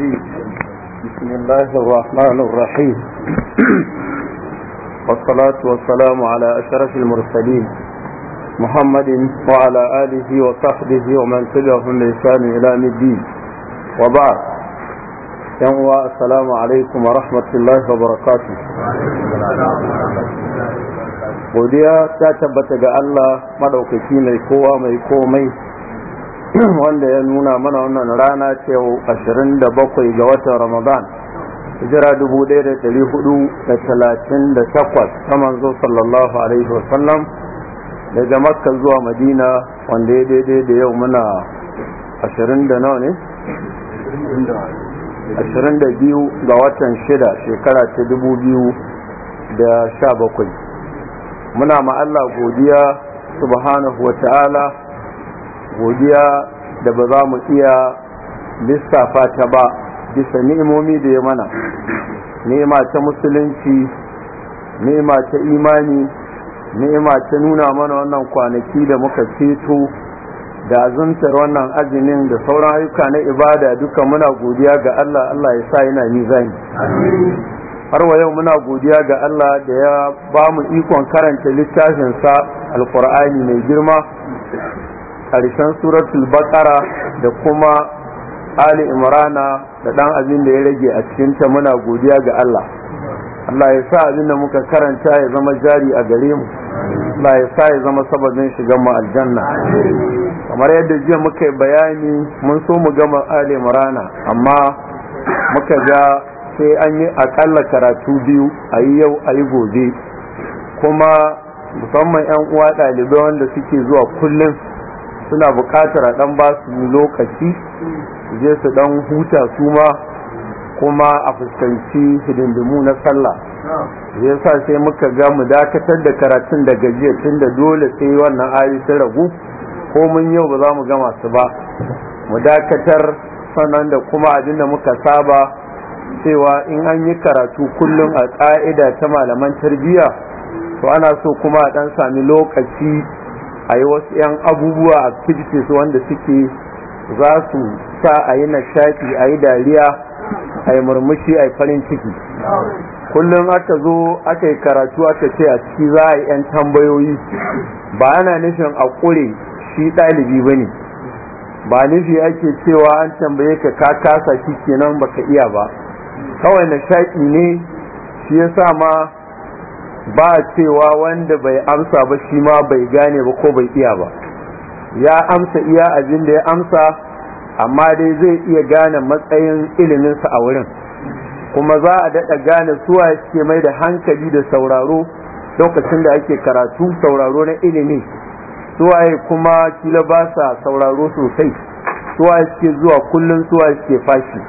الرجيم بسم الله الرحمن الرحيم والصلاة والسلام على أشرف المرسلين محمد وعلى آله وصحبه ومن تبعهم بإحسان إلى الدين وبعد يوم السلام عليكم ورحمة الله وبركاته godiya ta tabbata ga Allah madaukaki mai kowa mai komai wanda ya nuna mana wannan rana ce 27 ga watan ramadan hijira 1438 ta manzo sallallahu alaihi wasallam daga makka zuwa madina wanda ya daidai da yau muna 20 da nawa ne 22 ga watan 6 shekara ta 2017 muna ma Allah godiya subhanahu wa ta'ala godiya da ba za mu iya lissafa ta ba bisa ni'imomi da ya mana ni'ima ta musulunci ni'ima ta imani ni'ima ta nuna mana wannan kwanaki da muka ceto da azuntar wannan azumin da sauran ayyuka na ibada duka muna godiya ga Allah Allah ya sa yana mizani har wa yau muna godiya ga Allah da ya ba mu ikon karanta littafinsa alkur'ani mai girma karshen suratul bakara da kuma ali imrana da dan abin da ya rage a cikin ta muna godiya ga Allah Allah ya sa abin da muka karanta ya zama jari a gare mu Allah ya sa ya zama sababin shiga mu aljanna kamar yadda jiya muka yi bayani mun so mu gama ali imrana amma muka ga sai an yi akalla karatu biyu a yi yau a yi gobe kuma musamman 'yan uwa ɗalibai wanda suke zuwa kullum suna buƙatar a dan basu su lokaci je su dan huta su ma kuma a fuskanci hidindimu na sallah ya sa sai muka ga mu dakatar da karatun da gajiya tun da dole sai wannan ayi sun ragu ko mun yau ba za mu gama su ba mu dakatar sannan da kuma abin da muka saba cewa in an yi karatu kullum a ka'ida ta malaman tarbiyya to ana so kuma a dan sami lokaci a yi wasu 'yan abubuwa activities wanda suke za su sa a yi nishaɗi a yi dariya a yi murmushi a yi farin ciki kullum aka zo aka yi karatu aka ce a ciki za a yi 'yan tambayoyi ba ana nufin a ƙure shi ɗalibi ba ne ba nufi ake cewa an tambaye ka ka kasa shi kenan baka iya ba kawai nishaɗi ne shi ya sa ma ba cewa wanda bai amsa ba shi ma bai gane ba ko bai iya ba ya amsa iya abin da ya amsa amma dai zai iya gane matsayin iliminsa a wurin kuma za a daɗa gane suwa suke mai da hankali da sauraro lokacin da ake karatu sauraro na ilimi suwaye kuma kila ba sa sauraro sosai suwa suke zuwa kullum suwa suke fashi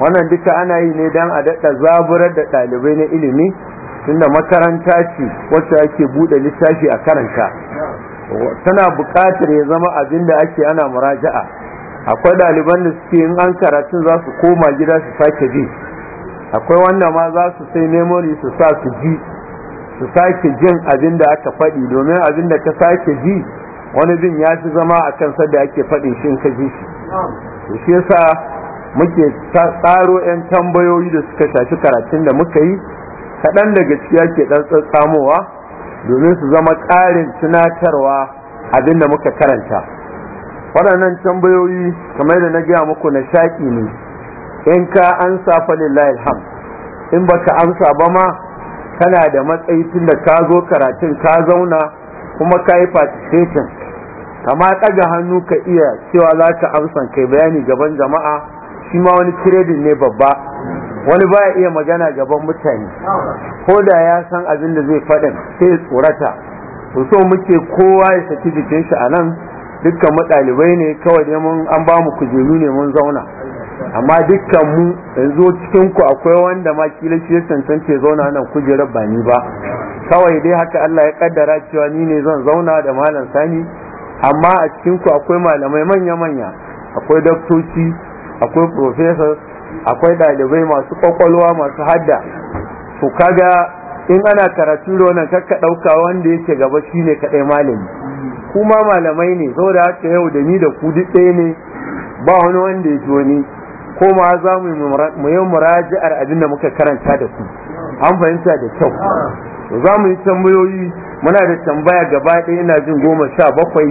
wannan duka ana yi ne don a daɗa zaburar da ɗalibai na ilimi tunda makaranta ce wacce ake buɗe littafi a karanta tana buƙatar ya zama abin da ake ana muraja'a akwai ɗaliban da suke in an karatu za su koma gida su sake ji akwai wanda ma za su sai memory su sa su ji su sake jin abin da aka faɗi domin abin da ka sake ji wani bin ya fi zama a kan sadda ake faɗin shi ka ji shi to shi yasa muke tsaro 'yan tambayoyi da suka shafi karatun da muka yi kaɗan da gaskiya ke ɗan tsatsamowa domin su zama ƙarin tunatarwa abin da muka karanta waɗannan tambayoyi kamar da na gaya muku na shaƙi ne in ka ansa fa lillahi ham. in baka amsa ba ma kana da matsayi tun da ka zo karatun ka zauna kuma ka yi participation kama ɗaga hannu ka iya cewa za ka amsa kai bayani gaban jama'a shi ma wani kiredin ne babba wani baya iya magana gaban mutane ko da ya san abin da zai faɗin sai tsorata to so muke kowa ya saki jikin shi a nan dukkan mu ɗalibai ne kawai ne mun an ba mu kujeru ne mun zauna amma dukkan mu yanzu cikin ku akwai wanda ma kila shi ya cancance zauna nan kujerar ba ni ba kawai dai haka Allah ya kaddara cewa ni ne zan zauna da malam sani amma a cikin ku akwai malamai manya-manya akwai daktoci akwai professors akwai ɗalibai masu kwakwalwa masu hadda to kaga in ana karatu da wannan kakka ɗauka wanda yake gaba shine kaɗai malami kuma malamai ne saboda haka yau da ni da ku duk ɗaya ne ba wani wanda ya ji ni ko ma za mu yi muraji'ar abin da muka karanta da ku an fahimta da kyau za mu yi tambayoyi muna da tambaya gaba ɗaya ina jin goma sha bakwai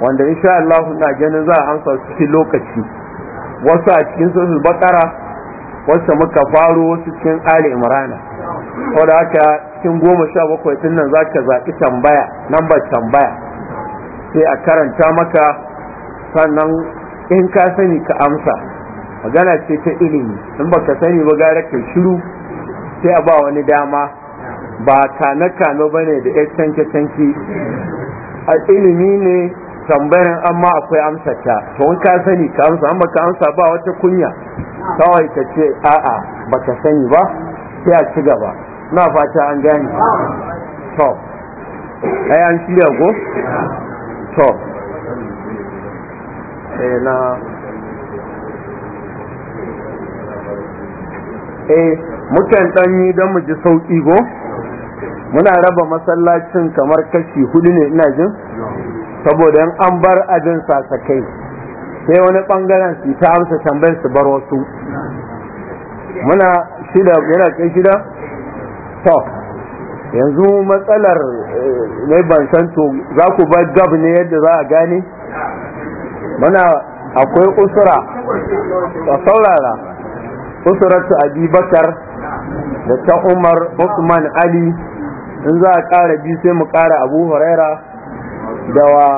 wanda insha Allah na ganin za a amsa cikin lokaci wasu a cikin suratul bakara wasu muka faru wasu cikin ali imrana da haka cikin goma sha bakwai din nan ka zaɓi tambaya ba tambaya sai a karanta maka sannan in ka sani ka amsa magana ce ta ilimi in baka sani ba gara ka shiru sai a ba wani dama ba kane kane bane da yan canke canke a ilimi ne tambayar amma akwai amsa ta, to in ka sani ka amsa amma ka amsa ba wata kunya kawai ka ce a'a baka sani ba sai a ci gaba na fata an gane to ai an shirya go to eh na eh mukan dan yi don mu ji sauki go muna raba masallacin kamar kashi hudu ne ina jin saboda in an bar abin sasakai sai wani bangaren su ta amsa tambayar su bar wasu muna shida yana kai shida to yanzu matsalar eh, ne ban san to za ku bar gab ne yadda za a gane muna akwai usura a saurara usuratu abi bakar da ta umar usman ali in za a kara bi sai mu kara abu huraira dawa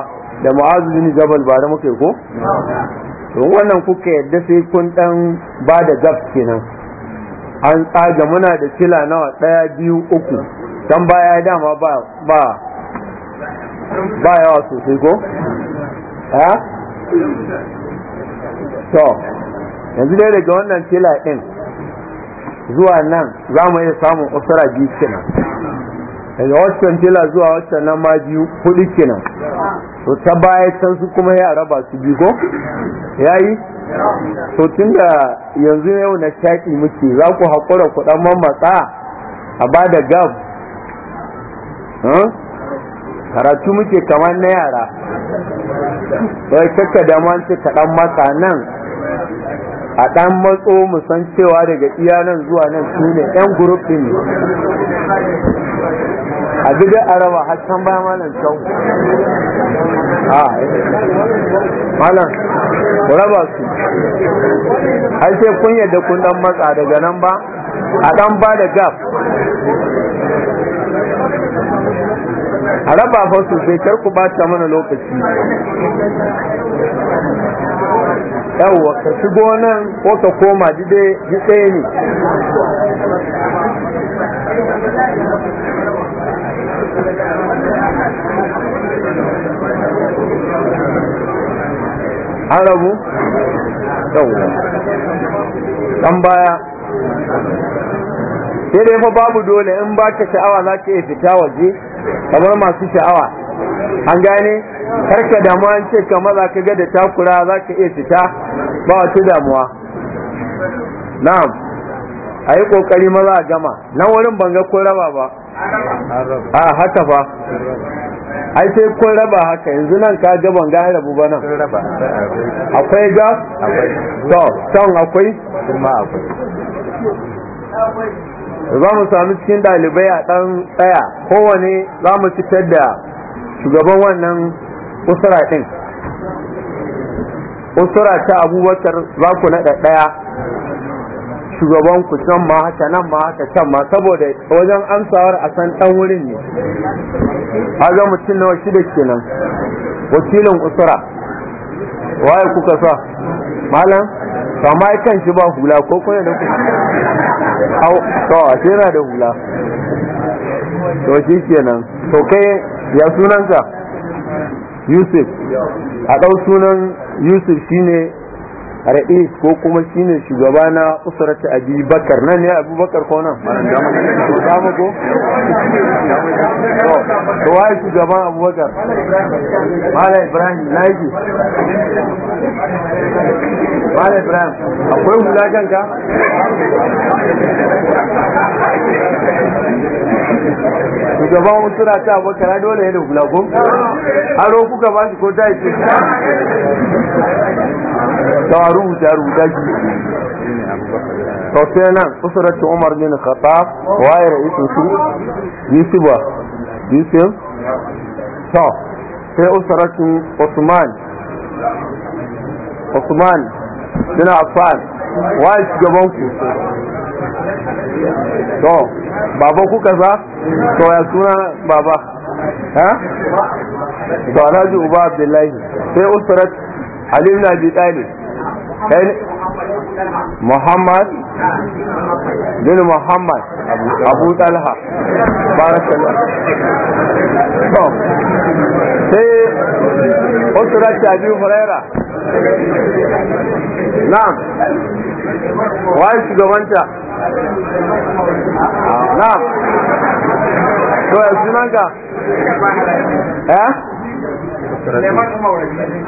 da ma'azu ne jabal ba da muke ko To wannan kuka yadda sai kun dan ba da gab kenan an tsaga muna da kila nawa daya biyu uku dan baya dama ba ba ba yawa sosai ko ha to yanzu dai daga wannan kila din zuwa nan za mu iya samun usura biyu kenan daga waccan fila zuwa waccan nan ma biyu hudu kenan to ta baya can su kuma ya raba su biyu ko yayi to tunda yanzu yau na shaƙi muke za ku haƙura ku ɗan mamatsa a ba da gab karatu muke kamar na yara bai kakka da man ce nan a ɗan matso musan cewa daga iya nan zuwa nan su ne ɗan gurufin ne a gida a raba har can baya malam kyau a malam raba su har sai kun yadda kun dan matsa daga nan ba a dan ba da gap a raba fa sosai kar ku ta mana lokaci yawwa ka shigo nan ko ka koma dide ne an rabu ɗauwa ɗan baya sai dai fa babu dole in ba ka sha'awa za ka iya fita waje kamar masu sha'awa an gane karka damuwa an ce kamar za ka ga da takura za ka iya fita ba wata damuwa na'am a yi kokari maza a gama nan wurin ban ga ko raba ba a haka fa ai sai ko raba haka yanzu nan ka ga ban ga rabu ba nan akwai ga to akwai kuma akwai za mu sami cikin dalibai a dan tsaya kowane za mu fitar da shugaban wannan usura din usura ta abubakar za ku naɗa ɗaya shugaban ku can ma haka nan ma haka can ma saboda wajen amsawar a san dan wurin ne haga mutum nawa shida kenan wakilin usura waye kuka sa malam amma kan shi ba hula ko kuma da ku to a yana da hula to shi kenan to kai ya sunanka yusuf a ɗau sunan yusuf shine ra'is ko kuma shine shugaba na usrat abi bakar nan ne abu bakar ko nan ta muku to wai shugaban abu bakar mala ibrahim naiji mala ibrahim akwai mulajan ka shugaban usura ta abu bakar dole ne da hula ko aro kuka ba shi ko ta ta rubuta rubuta shi to sai nan usratu umar bin khattab waye ra'isu su yusuf yusuf to sai usratu usman usman bin affan waye shugaban ku to baba ku kaza to ya suna baba ha to alhaji uba abdullahi sai usratu Ali ibn Abi Talib Muhammad bin Muhammad Abu Talha Bara barakallah to sai usra ta Abi Huraira na'am wai shugabanta na'am to yanzu nan eh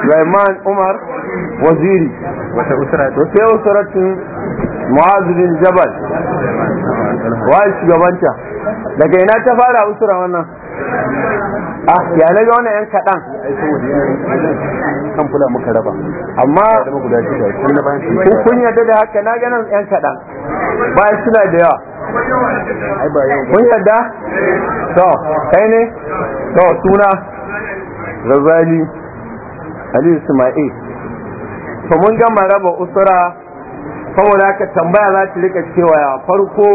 Laiman Umar Waziri wata usuratun Mu'az bin Jabal wa shugabanta daga ina ta fara usura wannan ah ya na ga wannan yan kaɗan kan kula muka raba amma kun yarda da haka na ganin yan kaɗan bayan suna da yawa kun yarda to kai ne to suna razali ali isma'il to mun gama raba usura saboda haka tambaya za ta rika cewa farko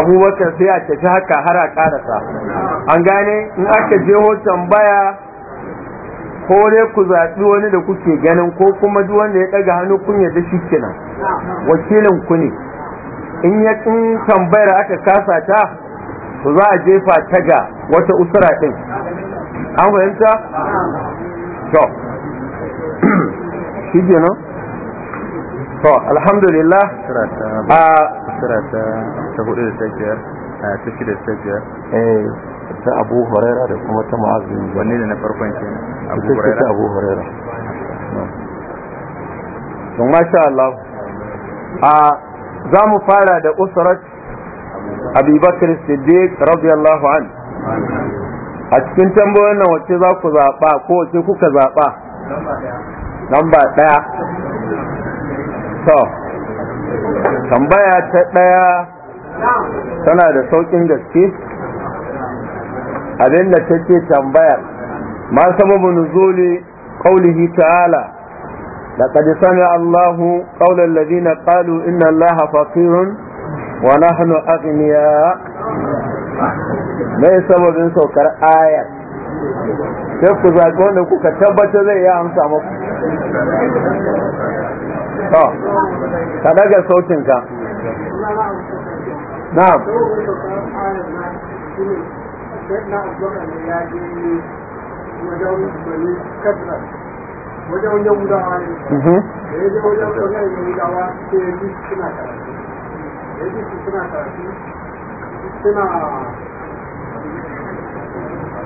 abubakar sai a tafi haka har a karasa an gane in aka jeho tambaya ko dai ku zaɓi wani da kuke ganin ko kuma duk wanda ya ɗaga hannu kun yadda shi kenan wakilin ku ne in ya tambayar aka kasa ta to za a jefa ta ga wata usura ɗin an fahimta to shi ke nan? to alhamdulillah a ah. sirata ta hudu da tafiyar a ta da tafiyar eh. ta abu horaira da kuma ta ma'azin wani da na farkon ke abu ta abu horaira don masha Allah a ah, za mu fara da usurat abubakar siddiq radiyallahu an a cikin tambayoyin nan wacce za ku zaɓa ko wacce kuka zaɓa namba ɗaya to tambaya ta ɗaya tana da sauƙin gaske abinda ta ce tambayar ma sababu nuzuli qaulihi ta'ala لقد سمع الله قول الذين قالوا إن الله فقير ونحن أغنياء mai sababin saukar ayar sai ku zaɓi wanda kuka tabbata zai yi amsa muku to ka daga sautinka na'am wajen yahudawa ne da ya je wajen wajen ya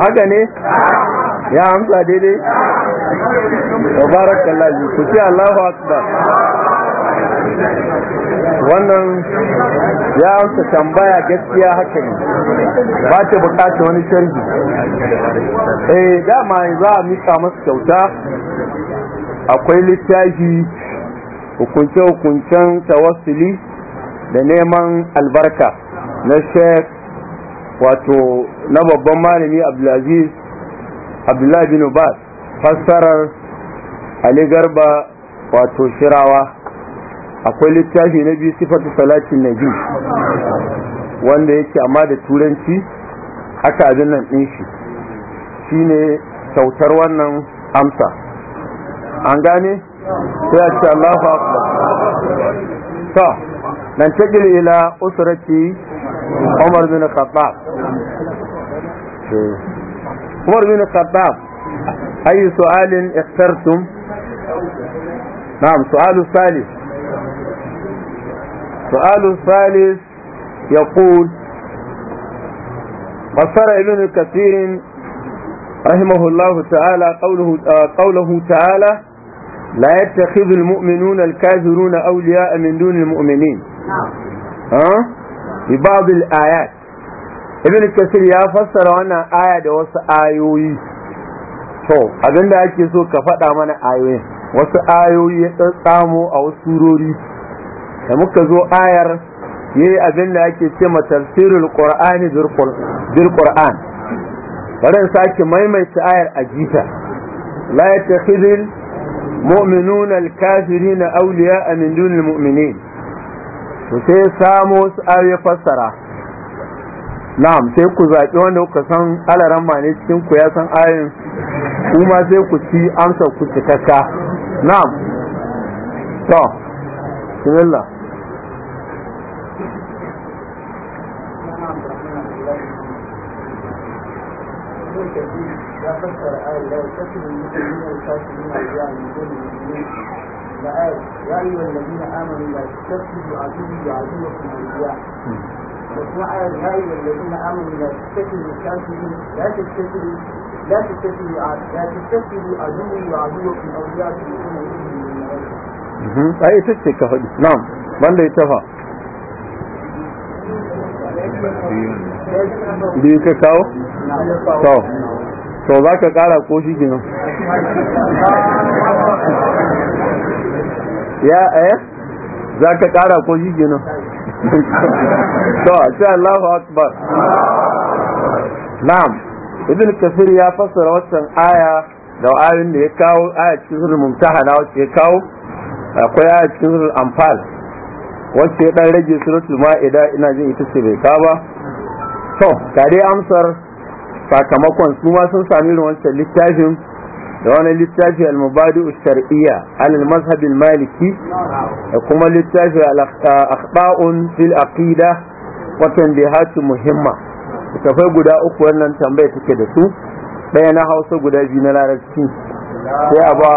haka ne ya amsa daidai mubarakallah ku ce Allahu akbar wannan ya amsa tambaya gaskiya haka ne ba ta bukata wani canji eh dama za a misa masu kyauta akwai littafi hukunce-hukuncen tawassuli da neman albarka na sheikh wato na babban malami abdulaziz abdullahi bin bas fassarar ali garba wato shirawa akwai littafi na biyu sifatu salatin nabi wanda yake amma da turanci haka abin nan ɗin shi shine kyautar wannan amsa an gane sai a ce allahu akbar ننتقل إلى أسرة عمر بن الخطاب عمر بن الخطاب أي سؤال اخترتم نعم سؤال الثالث سؤال الثالث يقول فسر ابن كثير رحمه الله تعالى قوله قوله تعالى لا يتخذ المؤمنون الكافرون أولياء من دون المؤمنين bi babil ayat ibn kasir ya fassara wannan aya da wasu ayoyi to abinda ake so ka faɗa mana ayoyin wasu ayoyi ya tsatsamo a wasu surori da muka zo ayar ne abin da ake ce ma tafsirul qur'ani bil qur'an bari sake maimaita ayar ajita la yattakhidul mu'minuna al-kafirina awliya'a min dunil mu'minin to sai Samu su ayoyi fassara na'am sai ku zaɓi wanda kuka san alaran ma ne cikin ku ya san ayoyin kuma sai ku ci amsa ku cikakka na'am to bismillah يا أيها الذين آمنوا لا تتخذوا عدوي وعدوكم أولياء وكما آية يا أيها الذين آمنوا لا تتخذوا الكافرين لا تتخذوا لا تتخذوا لا تتخذوا عدوي وعدوكم أولياء تلقون إليهم من الملائكة. أي تتك نعم من لا يتفق biyu ka kawo? kawo to za ka kara ko shi kenan ya eh za ka kara ko jiji kenan to sai Allahu akbar na'am ibn kafir ya fassara wannan aya da ayin da ya kawo aya cikin surul mumtahana wacce ya kawo akwai aya cikin surul anfal wacce ya dan rage suratul ma'ida ina jin ita ce bai kawo ba to kare amsar sakamakon su ma sun sami irin wancan littafin da wani littafi al-mubadi'u shar'iyya alal mazhab al-maliki da kuma littafi al-akhta'un fil aqida wa tanbihatu muhimma tafai guda uku wannan tambaya take da su Daya na Hausa guda biyu na Larabci sai a ba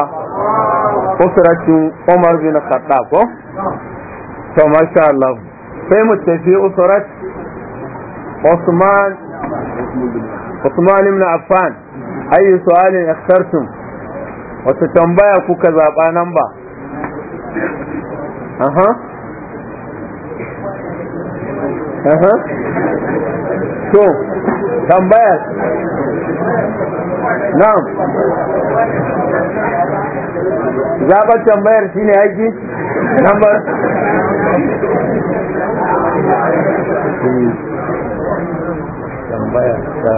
usratin Umar bin Khattab ko to masha Allah sai mu tafi usrat Usman Usman ibn Affan ayi su'alin ikhtartum wata tambaya kuka zaɓa nan ba aha aha to tambaya na'am zaɓar tambayar shine aiki number tambaya ta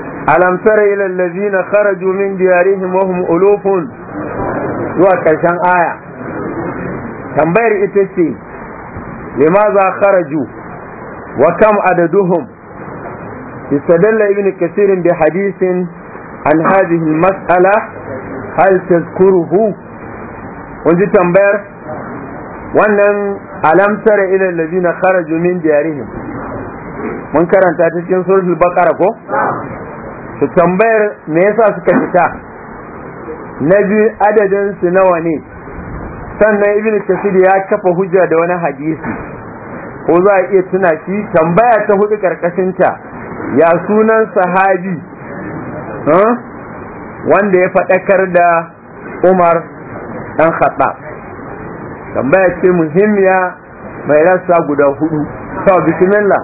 alam tara ila allazina kharaju min diyarihim wa hum ulufun zuwa karshen aya tambayar ita ce limaza kharaju wa kam adaduhum istadalla ibn kasir bi hadisin an hadhihi mas'ala hal tazkuruhu wanzu tambayar wannan alam tara ila allazina kharaju min diyarihim mun karanta cikin suratul baqara ko su tambayar me yasa suka fita na biyu adadin su nawa ne sannan ibn kasir ya kafa hujja da wani hadisi ko za a iya tuna shi tambaya ta hudu karkashinta ya sunan sahabi eh, wanda ya faɗakar da umar ɗan khattab tambaya ce muhimmiya mai rassa guda hudu to bismillah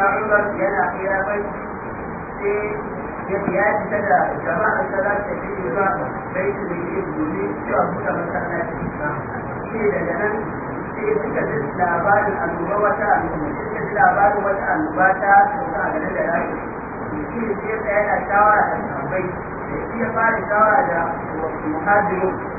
na umar yana khilafai sai ya fita da jama'ar salat da shi ba sai gobe suka labarin da yana shawara da sahabbai da shi ya fara shawara da muhajiru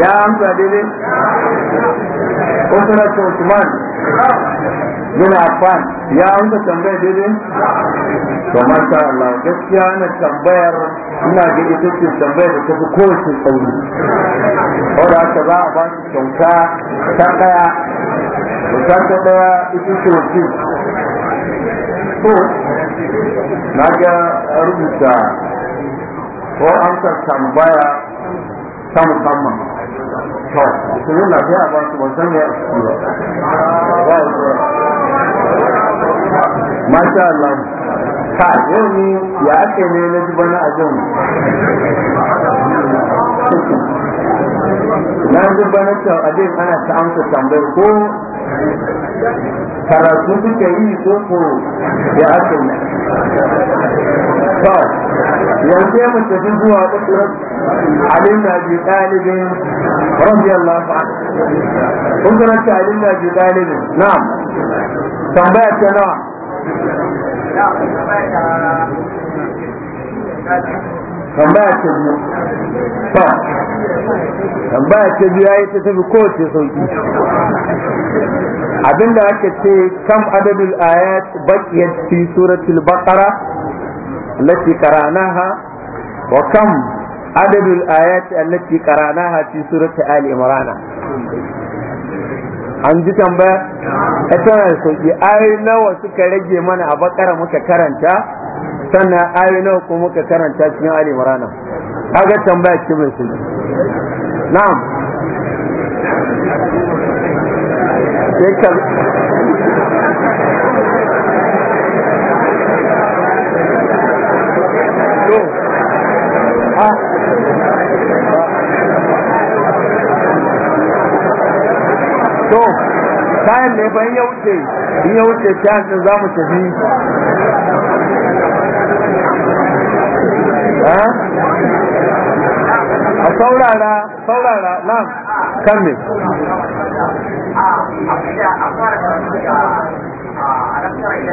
ya amsa daidai usman ta usman bin affan ya amsa tambaya daidai to masha Allah gaskiya na tambayar ina ga ita ce tambayar da tafi kowace tsauri wanda aka za a ba shi kyauta ta daya kyauta ta daya ita ce wakil to na ga rubuta ko amsa tambaya ta musamman to a ba su ne a ba masha Allah ka yau ni ya ake ne na ji bana a jan na ji bana ta abin ana ta amsa tambayar ko karatu suke yi ko ko ya ake ne yanzu ya mace zuwa ƙasar علي رضي الله عنه نعم تنبأت نعم tambaya ta biyu ba tambaya ta biyu tafi kowace sauki abinda aka ce kam adadul ayat baqiyat fi suratul baqara allati qara'naha wa kam عدد الآيات التي قرأناها في سورة آل imran an ji tambaya a eh, tana da sauki ayoyi nawa suka rage mana a bakara muka karanta sannan ayoyi nawa kuma muka karanta cikin ali imran kaga tambaya ce mai sauƙi na'am kayan ne fa ya wuce in ya wuce tashin za mu tafi eh? a saurara saurara na kan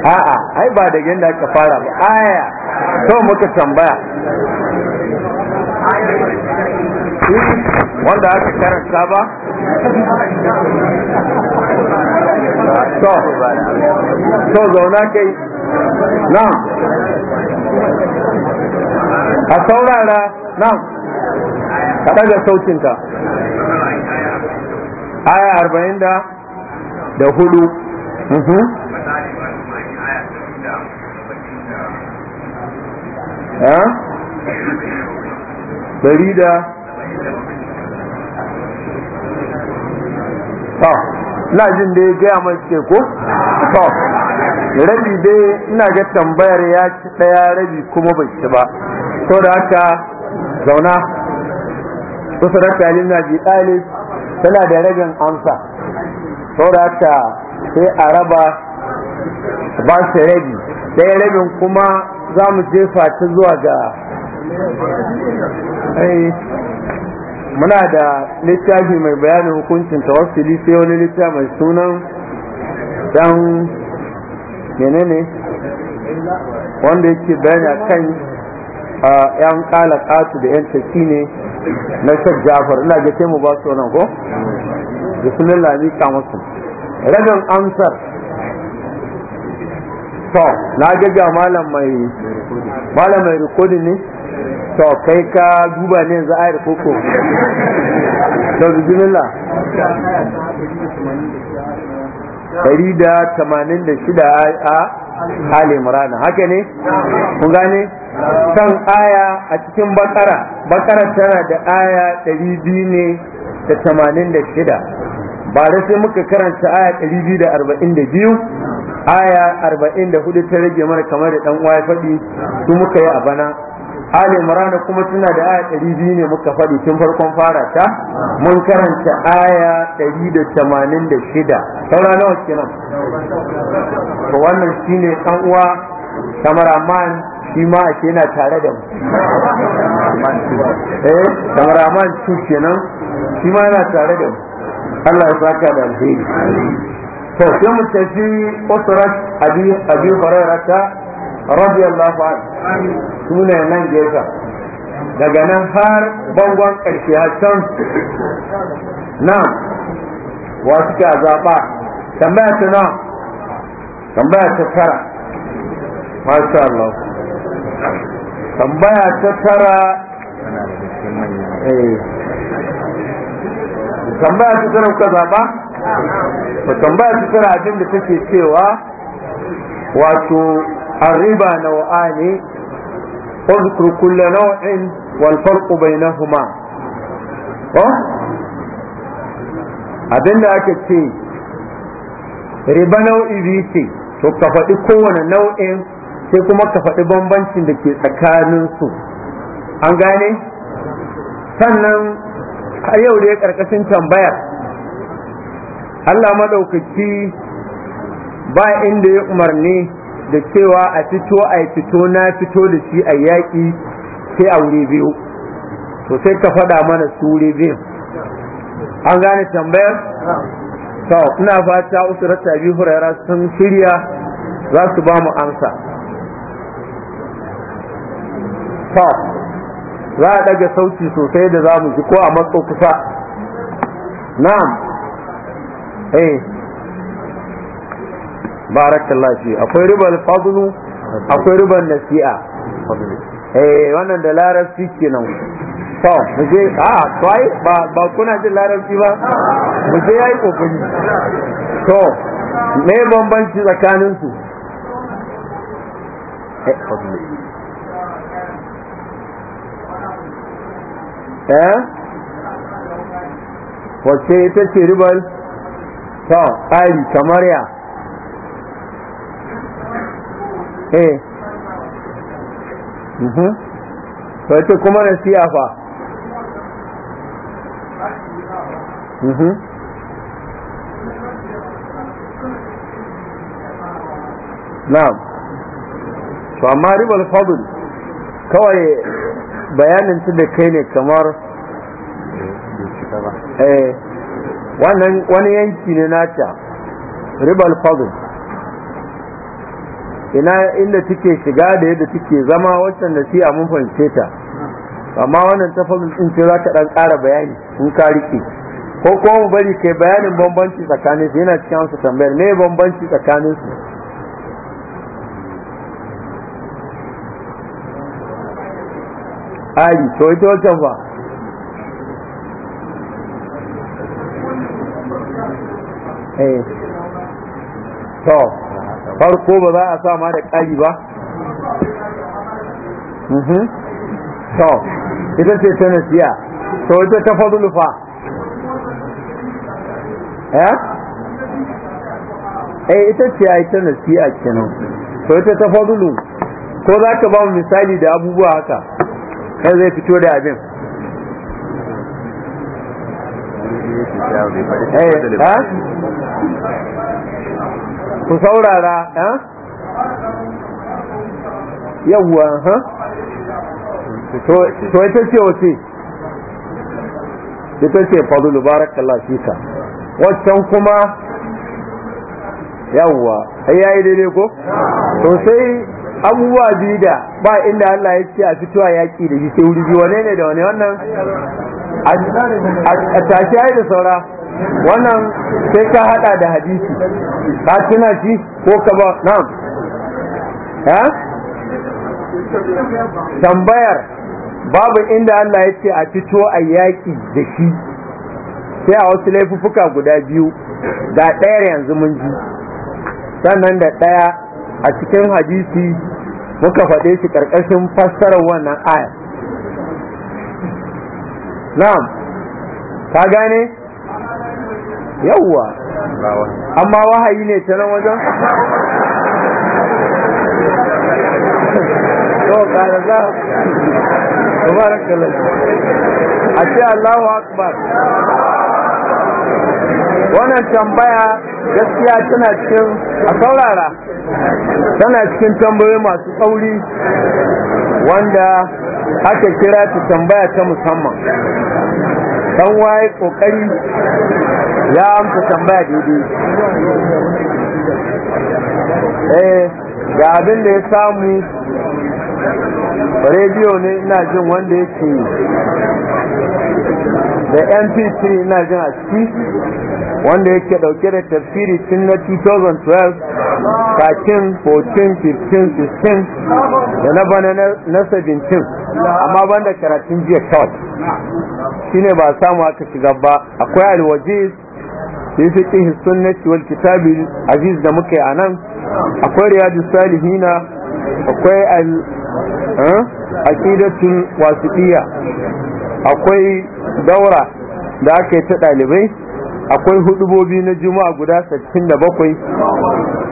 a'a ai ba da yadda aka fara ba aya to muka tambaya wanda aka karanta ba so zauna kai na a saurara na da daga sautinka aya arba'in da da hudu dari mhm. da ta na jin da ya gaya mai ce ko to rabi dai ina ga tambayar ya ci daya rabi kuma bai ci ba to da haka zauna wasu rata na bi ɗalib tana da rabin amsa to da haka sai a raba ba su rabi sai rabin kuma za mu jefa ta zuwa ga muna da littafi mai bayanin hukuncin tawassuli sai wani littafi mai sunan dan menene wanda yake bayani kan yan kala katu da yan taki ne na shek jafar ina ga mu ba su wannan ko bismillah ni ka musu ragan amsar to na ga malam mai malam mai rikodin ne to kai ka duba ne yanzu ayar koko to bismillah dari da tamanin da shida a hali murana haka ne kun gane kan aya a cikin bakara bakara tana da aya 286 biyu ne da tamanin da shida ba da sai muka karanta aya 242 biyu da arba'in da biyu aya arba'in da hudu ta rage mana kamar da ɗan uwa faɗi su muka yi a bana Ali marana kuma tana da aya ɗari biyu ne muka faɗi tun farkon fara ta mun karanta aya ɗari da tamanin da shida saura nawa kenan to wannan shine ɗan uwa kamaraman shi ma ake yana tare da mu eh kamaraman su kenan shi ma yana tare da mu Allah ya saka da alheri to sai mu tafi usrat abi abi ta. radiyallahu anhu sune nan gefa daga nan har bangon ƙarshe har can nan wa suka zaɓa tambaya ta nan tambaya ta tara masha Allah tambaya ta tara eh. tambaya ta tara kuka ba tambaya ta tara abin da take cewa wato الربا نوعان اذكر كل نوع والفرق بينهما abin da aka ce riba nau'i biyu ce to ka faɗi kowane nau'in sai kuma ka faɗi bambancin da ke tsakaninsu an gane sannan har yau da ya ƙarƙashin tambayar Allah maɗaukaki ba inda ya umarni da cewa a fito a fito na fito da shi a yaƙi sai a wuri biyu to sai ka faɗa mana su wuri biyu an gane tambayar to ina fata biyu tabi yara sun shirya za su ba mu amsa to za a ɗaga sauti sosai da za mu ji ko a matso kusa na'am eh barakallahu fi akwai ribar fadlu akwai ribar nasi'a eh wannan da larabci kenan to mu je a kai ba ba kuna jin larabci ba mu je yayi kokari to me bambanci tsakanin su eh, eh? wace ita ce ribar to ƙari kamar ya eh mhm. to ce kuma nasiha fa mhm. na'am to amma ribar fadl kawai bayanin ta da kai ne kamar eh. wannan wani yanki ne na nata ribar fadl ina inda take shiga da yadda take zama waccan nasiha mun fahimce ta amma wannan tafazul din ce za ka dan ƙara bayani in ka rike ko kuma mu bari kai bayanin bambanci tsakanin su yana cikin su tambayar me bambanci tsakanin su ali to ita wancan ba eh to farko ba za a sa ma da ƙari ba So mhm. ita ce ta nasiya to ita ta fadulu fa eh? eh ita ce ai ta nasiya kenan to ita ta fadulu ko za ka ba mu misali da abubuwa haka kai zai fito da abin eh, eh? ku saurara ha yawwa ha to ita ce wace ita ce fadulu barakallah ka waccan kuma yawwa ai yayi daidai ko to sai abubuwa biyu da ba inda Allah ya ce a fitowa yaƙi da shi sai wuri biyu wane ne da wane wannan a tashi ai da saura wannan sai ka hada da hadisi ka tuna shi ko ka ba na'am ha tambayar babu inda Allah ya ce a fito a yaƙi da shi sai a wasu laifuffuka guda biyu da ɗayar yanzu mun ji sannan da ɗaya a cikin hadisi muka faɗe shi ƙarƙashin fassarar wannan aya na'am ka gane yawwa amma wahayi ne ta nan wajen a ce Allahu akbar wannan tambaya gaskiya tana cikin a saurara tana cikin tambayoyi masu tsauri wanda aka kira ta tambaya ta musamman dan waye kokari ya amsa tambaya daidai eh ga abin da ya samu rediyo ne ina jin wanda ya yake da mp3 ina jin a ciki wanda yake dauke da tafsiri tun na 2012 kakin 14 15 16 da na bana na 17 amma ban da karatun jiya kawai shine ba samu aka shiga ba akwai alwajiz fi fiqh sunnati wal kitabi aziz da muke a nan akwai riyadu salihina akwai al eh, aqidatun ɗiya, akwai daura da aka yi ta ɗalibai akwai hudubobi na juma'a guda 67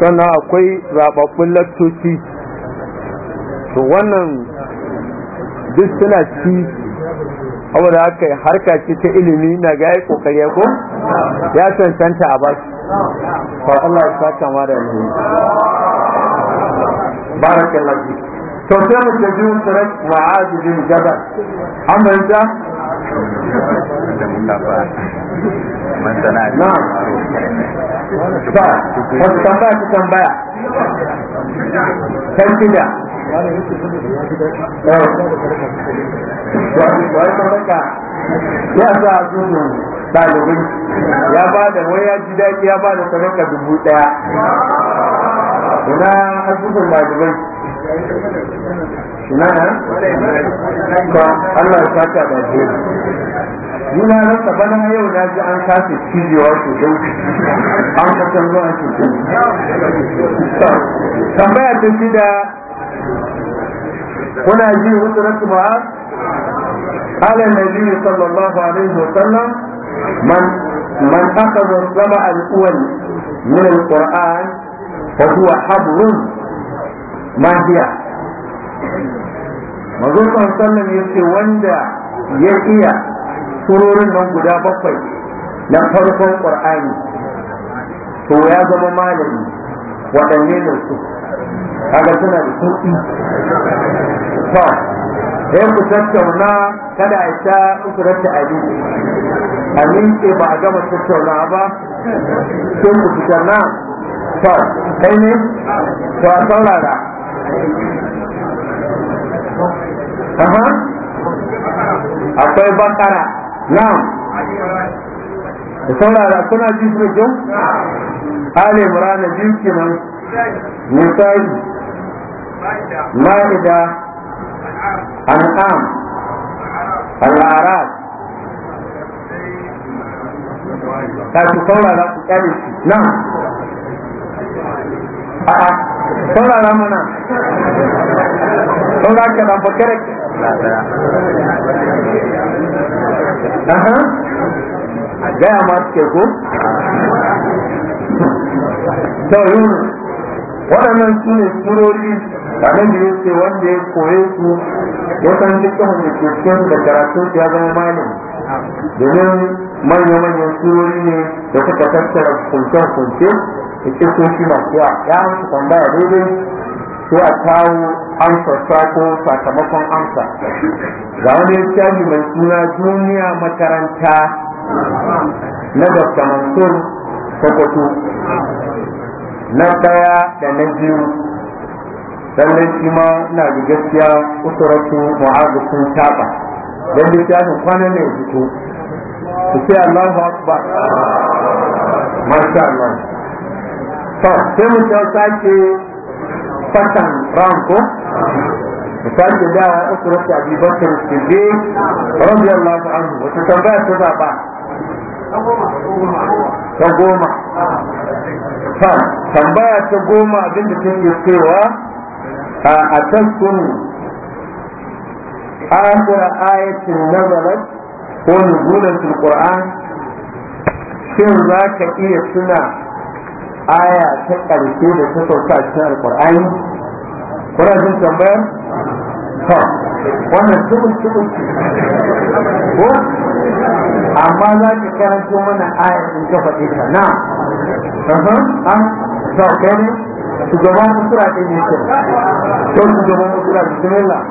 sannan akwai zababbun lattoci to wannan duk suna ci saboda haka harka ce ta ilimi na ga ya kokari ko ya sansanta a basu fa Allah ya saka ma da alheri barakallahu fi to sai mu tafi surat ma'ad bin jabal an bayyana man sana na ta wata tambaya ta tambaya ta ya sa zuwa ɗalibin ya ba da wai ya ji daɗi ya ba da sadaka dubu ɗaya ina asusun ɗalibai ina ba Allah ya saka da jeri Nuna rasa bana yau na ji an kasa cijewa sosai an kasan zuwa sosai. Tambaya ta shida kuna ji wuturat mu'az ala nabi sallallahu alaihi wa sallam man man akhadha as al-awwal min al-qur'an fa huwa habrun mahdiya yace wanda ya iya surorin nan guda bakwai na farkon qur'ani to ya zama malami waɗanne ne su kaga suna da sauƙi to sai mu tattauna kada a ta usurata ali a minke ba a gama tattauna ba sun mu fita Ta to kai ne to a saurara akwai bakara Na saurara kuna ji su kyau Ali Imran biyu kenan nisa'i ma'ida an'am al'arab ta su saurara su shi nan a'a saurara mana saura ka na bakare aha gaya ma waɗannan su ne surori abin da yake wanda ya koye su ya san duk da ke cikin da karatun ya zama malami domin manya-manyan surori ne da suka tattara kunce-kunce da kisoshi masu yawa ya hanci tambaya daidai sai a kawo amsa ko sakamakon amsa ga wani littafi mai suna duniya makaranta na dr mansur sokoto na ɗaya da na biyu lallai shi ma na da gaskiya usuratu mu'azu sun taɓa don littafin kwanan ne fito su ce Allahu Akbar masha Allah to sai mu ta sake fatan ranko misali da dawa usuratu Abi Bakr Siddiq radiyallahu anhu wata tambaya ta zaba ta goma ta tambaya ta goma abin da take cewa a tankun akhira ayatin nazarat ko nuzulan fil qur'an shin za ka iya suna aya ta ƙarshe da ta sauka a cikin alƙur'ani kuna jin tambayar to wannan tukun tukun ko amma za ki karanto mana ayar in ka faɗe ta na an sauke ne shugaban musura ɗin ne ke to shugaban musura bismillah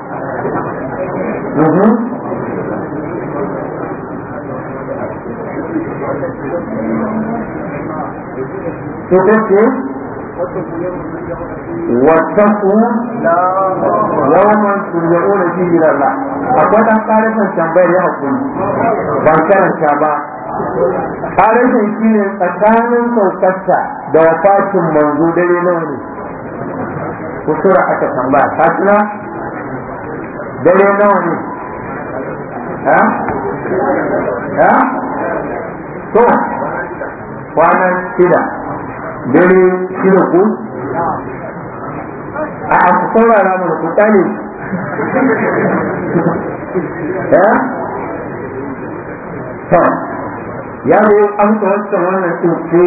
Thank واتقوا يوما ترجعون فيه الى الله akwai ɗan karfin tambayar ya hakuri ban karanta ba karfin shi ne tsakanin saukarsa da wafatin manzo dare nawa ne kusura aka tambaya kasina dare nawa ne ha ha to kwanan shida dare shida ko a ku saurara mana ku tsane eh? ya zo an tsawon wannan tsinke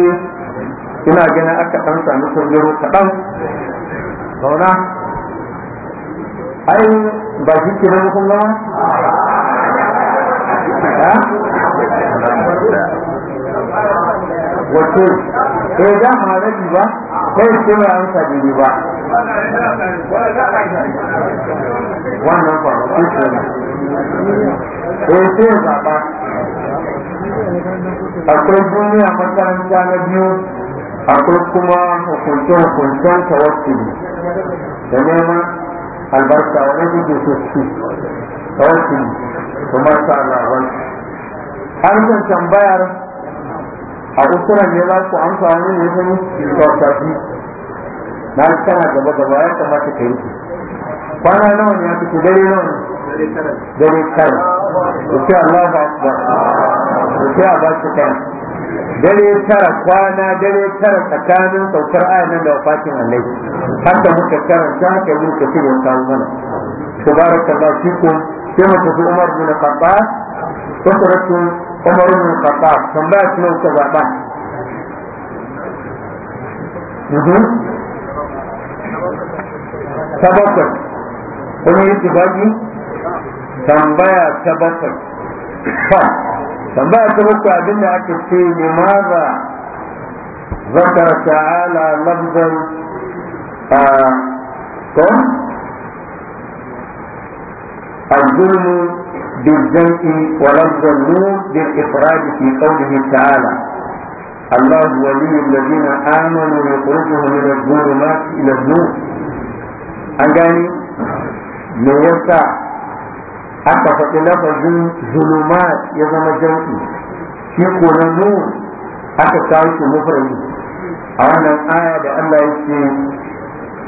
ina gina aka ɗan sami kungiro kaɗan zauna ai ba shi ke nan kun gama eh? wato eh da ma rabi ba kai ce mai ba wannan ba ku ce ba eh sai zaɓa akwai duniya makaranta na biyu akwai kuma hukunce-hukuncen tawakkili da neman albarka wani kuke so su tawakkili kuma sa labar. Harkar tambayar a ukuran ne za ku amsa wani ne sun farfafi na tana gaba gaba ya kamata ka yi kwana nawa ne ya fito dare nawa ne dare tara ku ce Allah ba ku ku ce a dare tara kwana dare tara tsakanin saukar ayan nan da wafatin Allah haka muka karanta haka muka fi da kawo mana tabaraka Allah shi ko sai mu tafi Umar bin Khattab ko عمر بن الخطاب كم بعد شنو سبع بعد تبطل كم يتباقي كم بعد تبطل كم بعد تبطل أدنى أكثر لماذا ذكر تعالى لفظا كم الظلم آه. بالجمع ولفظ النور بالإخراج في قوله تعالى الله ولي الذين آمنوا يخرجهم من الظلمات إلى النور أجاني من حتى فتلاف الظلمات lafazin الجمع في قول النور حتى تعيش مفرد nun aka بأن shi mufarmi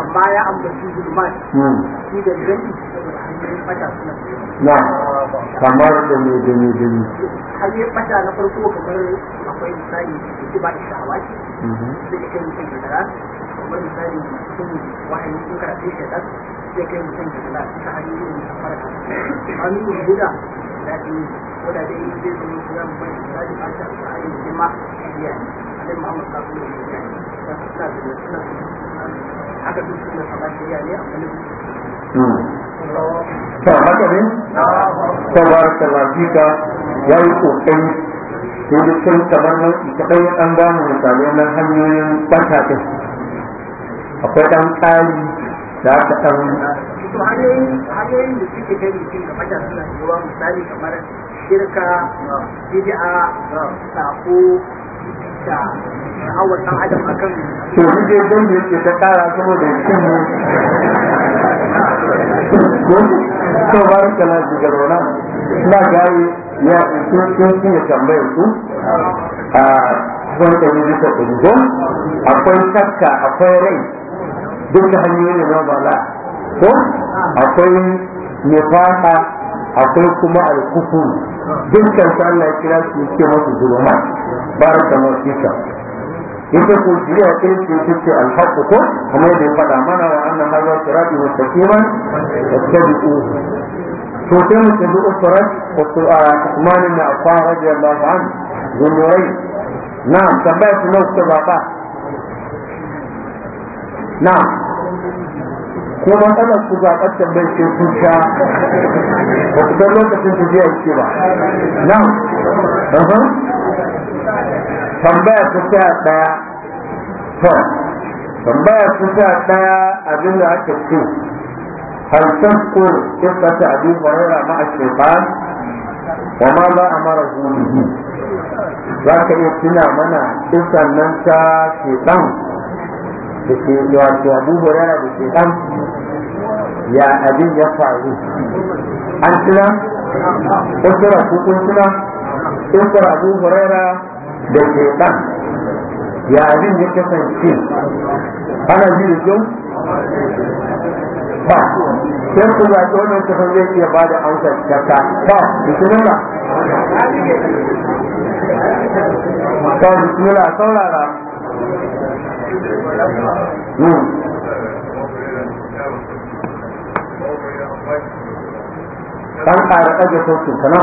amma ya ambaci zulmat shi da gani na kamar da ne da ne da ne hanyar na farko kamar akwai misali da ke ba da sha'awa ce da ke kai mutum da kamar misali mutum wahayi sun karafe shi da kai mutum da ta hanyoyin da fara hanyoyin guda da ke wadda da yi zai zama kuma mai da zai ba ta a yi jima a biya ne a zai ma'amurka kuma da ya yi to haka ne tabaraka lafika ya yi kokari to da kai kamar nan kadai an ba mu misalai nan hanyoyin bata ta akwai dan tsari da aka dan to hanyoyin da suke kai mutum ga bata suna yiwuwa misali kamar shirka bid'a sako da sha'awar ɗan adam akan to ni dai don da yake ta kara saboda cin mu ko ba ka na ji garona na gayi ya ko ko ki ya tambaye ku a ban da ni ta ko akwai shakka akwai rai duk da hanyoyi na bala ko akwai nifaka akwai kuma alkufuru dukkan ta Allah ya kira su ce masu zuluma ba da kamar fika ita ko jiriya ce ce ce ce alhaqqu ko kuma da fada mana wa annan hadha sirati mustaqiman tattabi'u to sai mu tabi usrat wa Uthman ibn Affan radiyallahu anhu zulmai na'am tambaya su nau ta baba na kuma matsalar ku zaɓar tambayar ce kun sha ba ku san lokacin ku jiya ce ba na tambaya ta sha ɗaya to tambaya ta sha ɗaya abin da aka ce هل تذكر قصة أبي هريرة مع الشيطان وماذا أمره به ذاك يتنا منا قصة ننسى شيطان da ke wato abu horara da ke Dan ya abin ya faru an tuna kun tuna ko kun tuna kun abu horara da ke Dan ya abin ya kasance ana ji da kyau ba sai ku ba ta wannan tafan zai iya ba da amsa ta ta ba bismillah ta bismillah saurara kan ƙara ƙage sautin sana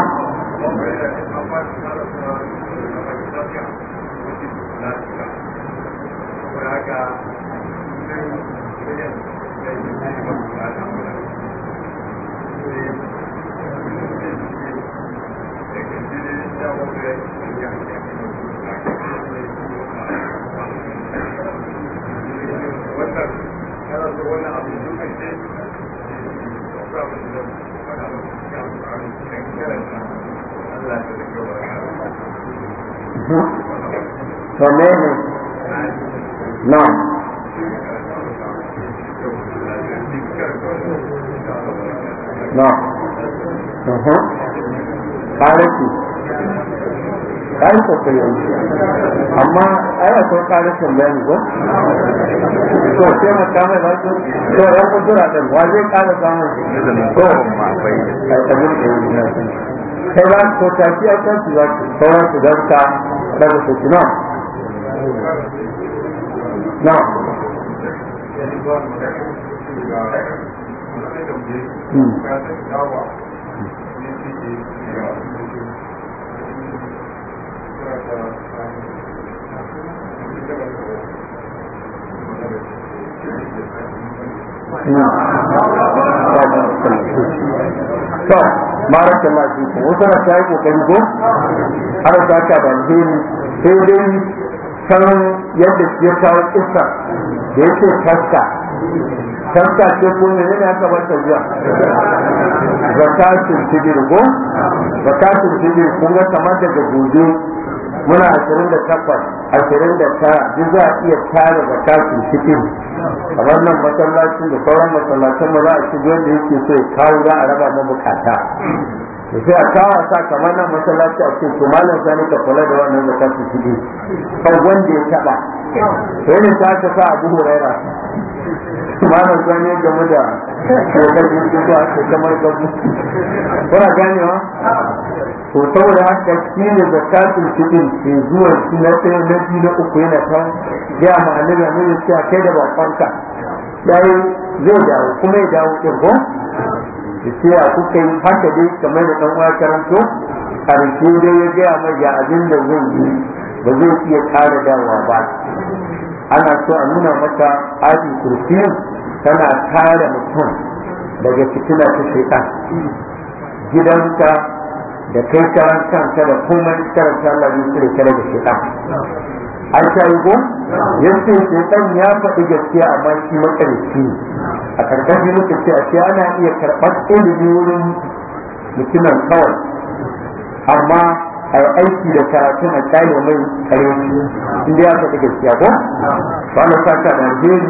Thank you. ranar tambaya ne ko to sai mu kama ba su to ran kudura din wa zai kara samu to ai ta mun yi sai ba ko ta ki a kan su za ku sauran su za ta su kina na Thank you. to barak Allah shi ko wata ta yi kokari ko har ta ta da sai dai san yadda ya kawo kissa da yake kasta kasta ce ko ne ne aka Ba ta zuwa zakatun tibir ko zakatun tibir kun ga kamar daga gobe muna 28 ashirin da ta, duk za a iya tara kafin cikin a wannan masallacin da sauran masallacin ma za a shigo da yake so ya kawo za a raba bukata sai a kawo sa kamar nan masallaci a cikin malam sani ka kula da wannan da zakatun kudi kan wanda ya taba sai ne ta ta sa abu huraira malam sani game da kokar jirgin zuwa ko kamar gabu kuna ganewa to saboda haka shi ne zakatun kudin ke zuwa shi na tsaye na biyu na uku yana kan ya ma annabi annabi sai a kai da bakonka yayi zai dawo kuma ya dawo din ko da cewa kuka yi haka dai kamar da ɗan uwa karanto karfe dai ya gaya mai ya abin da zai yi ba zai iya ƙara dawa ba ana so a nuna mata ajin kurfiyan tana kare mutum daga fitina ta shaitan gidanka da kai karan kanka da komai karanta Allah ya su da daga shaitan an shayi ko ya ce shekan ya faɗi gaskiya amma shi makarici ne a karkashin muka ce a ce ana iya karɓar ilimi wurin mutumin kawai amma a aiki da karatun a kyale mai kare inda ya faɗi gaskiya ko ba na sa ka najeri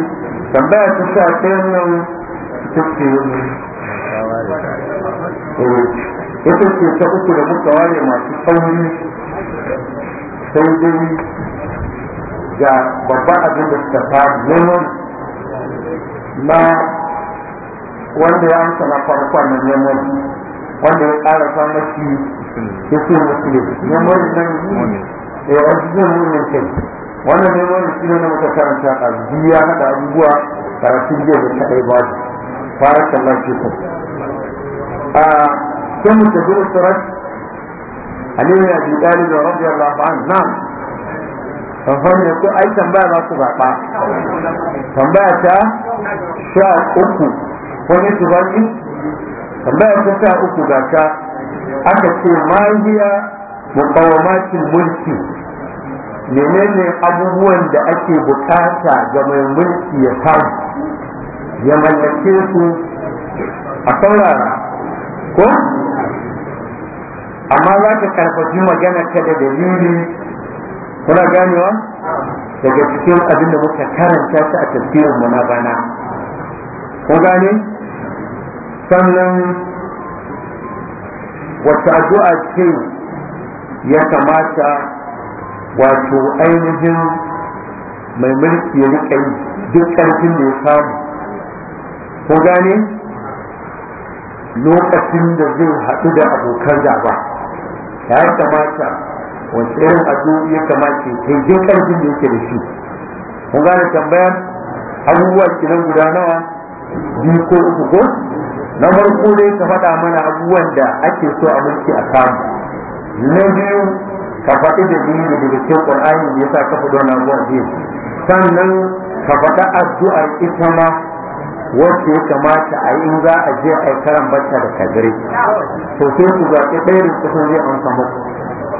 tambaya ta sa ɗayan nan ta ce eh, ita ce ta uku da muka ware masu tsauri sai dai ga babban abin da suka samu neman na wanda ya amsa na farkon na neman wanda ya ƙara samun shi ya ce musu ne neman nan ne a wasu zai mumin kai wannan neman shi ne na muka karanta a biya da abubuwa karatun jiya da kaɗai ba su fara kallon shi ko a sun mutu duk surat aliyu ya bi ɗalibin rabbi allah ba'an na'am fahimta ko ai tambaya za ku zaɓa tambaya ta sha uku ko ne su ni tambaya ta sha uku ga ta aka ce mahiya muqawamatin mulki menene abubuwan da ake bukata ga mai mulki ya samu ya mallake su a saurara ko amma za ka karfafi magana ta da dalili kuna ganewa daga cikin abin da muka karanta ta a tafiyar mu na bana ko gane sannan wata addu'a ce ya kamata wato ainihin mai mulki ya rika yi duk karfin da ya samu ko gane lokacin da zai haɗu da abokan gaba ya kamata wace irin addu'o'i ya kamace daidai karfin da yake da shi kun gane tambayar abubuwa kinan guda nawa biyu ko uku ko na farko dai ka faɗa mana abubuwan da ake so a mulki a samu na biyu ka faɗi da biyu da daga cikin ƙwar'ani da yasa ka faɗi wani abubuwan biyu sannan ka faɗa addu'ar ita ma wacce ya kamata a yi in za a je a yi karan da kadire Sosai sai ku zaɓi ɗaya da kusan zai amsa muku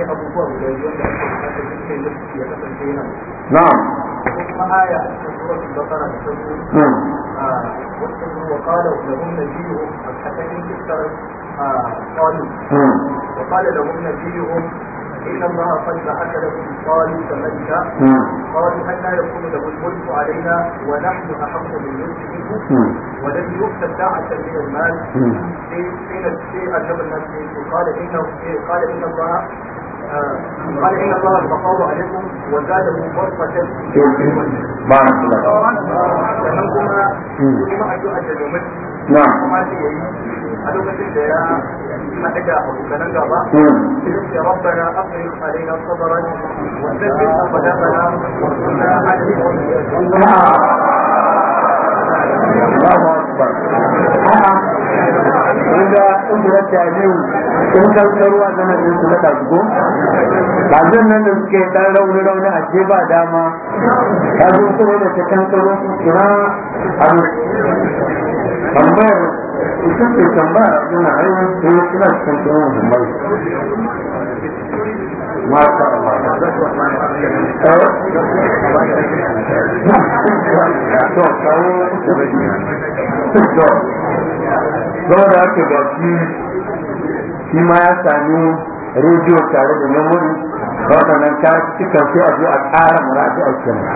نعم وقال aya ta إن الله قد بعث لكم صالحا ملكا قالوا أن يكون له الملك علينا ونحن أحق بالملك منه ولم يؤت ساعة من المال حين الشيء أجاب الناس قال انه قال إن الله قال ان الله البقاء عليكم وزاده فرصه بارك الله sannan kuma kuma addu'a da domin kuma da yayi a lokacin da ya na daga abokanan gaba sai ya rabbana afril alaina sabran wa thabbit aqdamana wa kunna alaihim Allahu akbar wanda in da ta yau in karkarwa zana ne su nada su ko bazan nan da suke dan rauni rauni a ce ba dama ta zo kuma da ta kankarwa su kira abu tambayar ce suna hanyar sai suna cikin da aka ga shi shi ma ya sami rediyo tare da memory waɗannan ta ci sai a zo a ƙara mura a zuwa kenan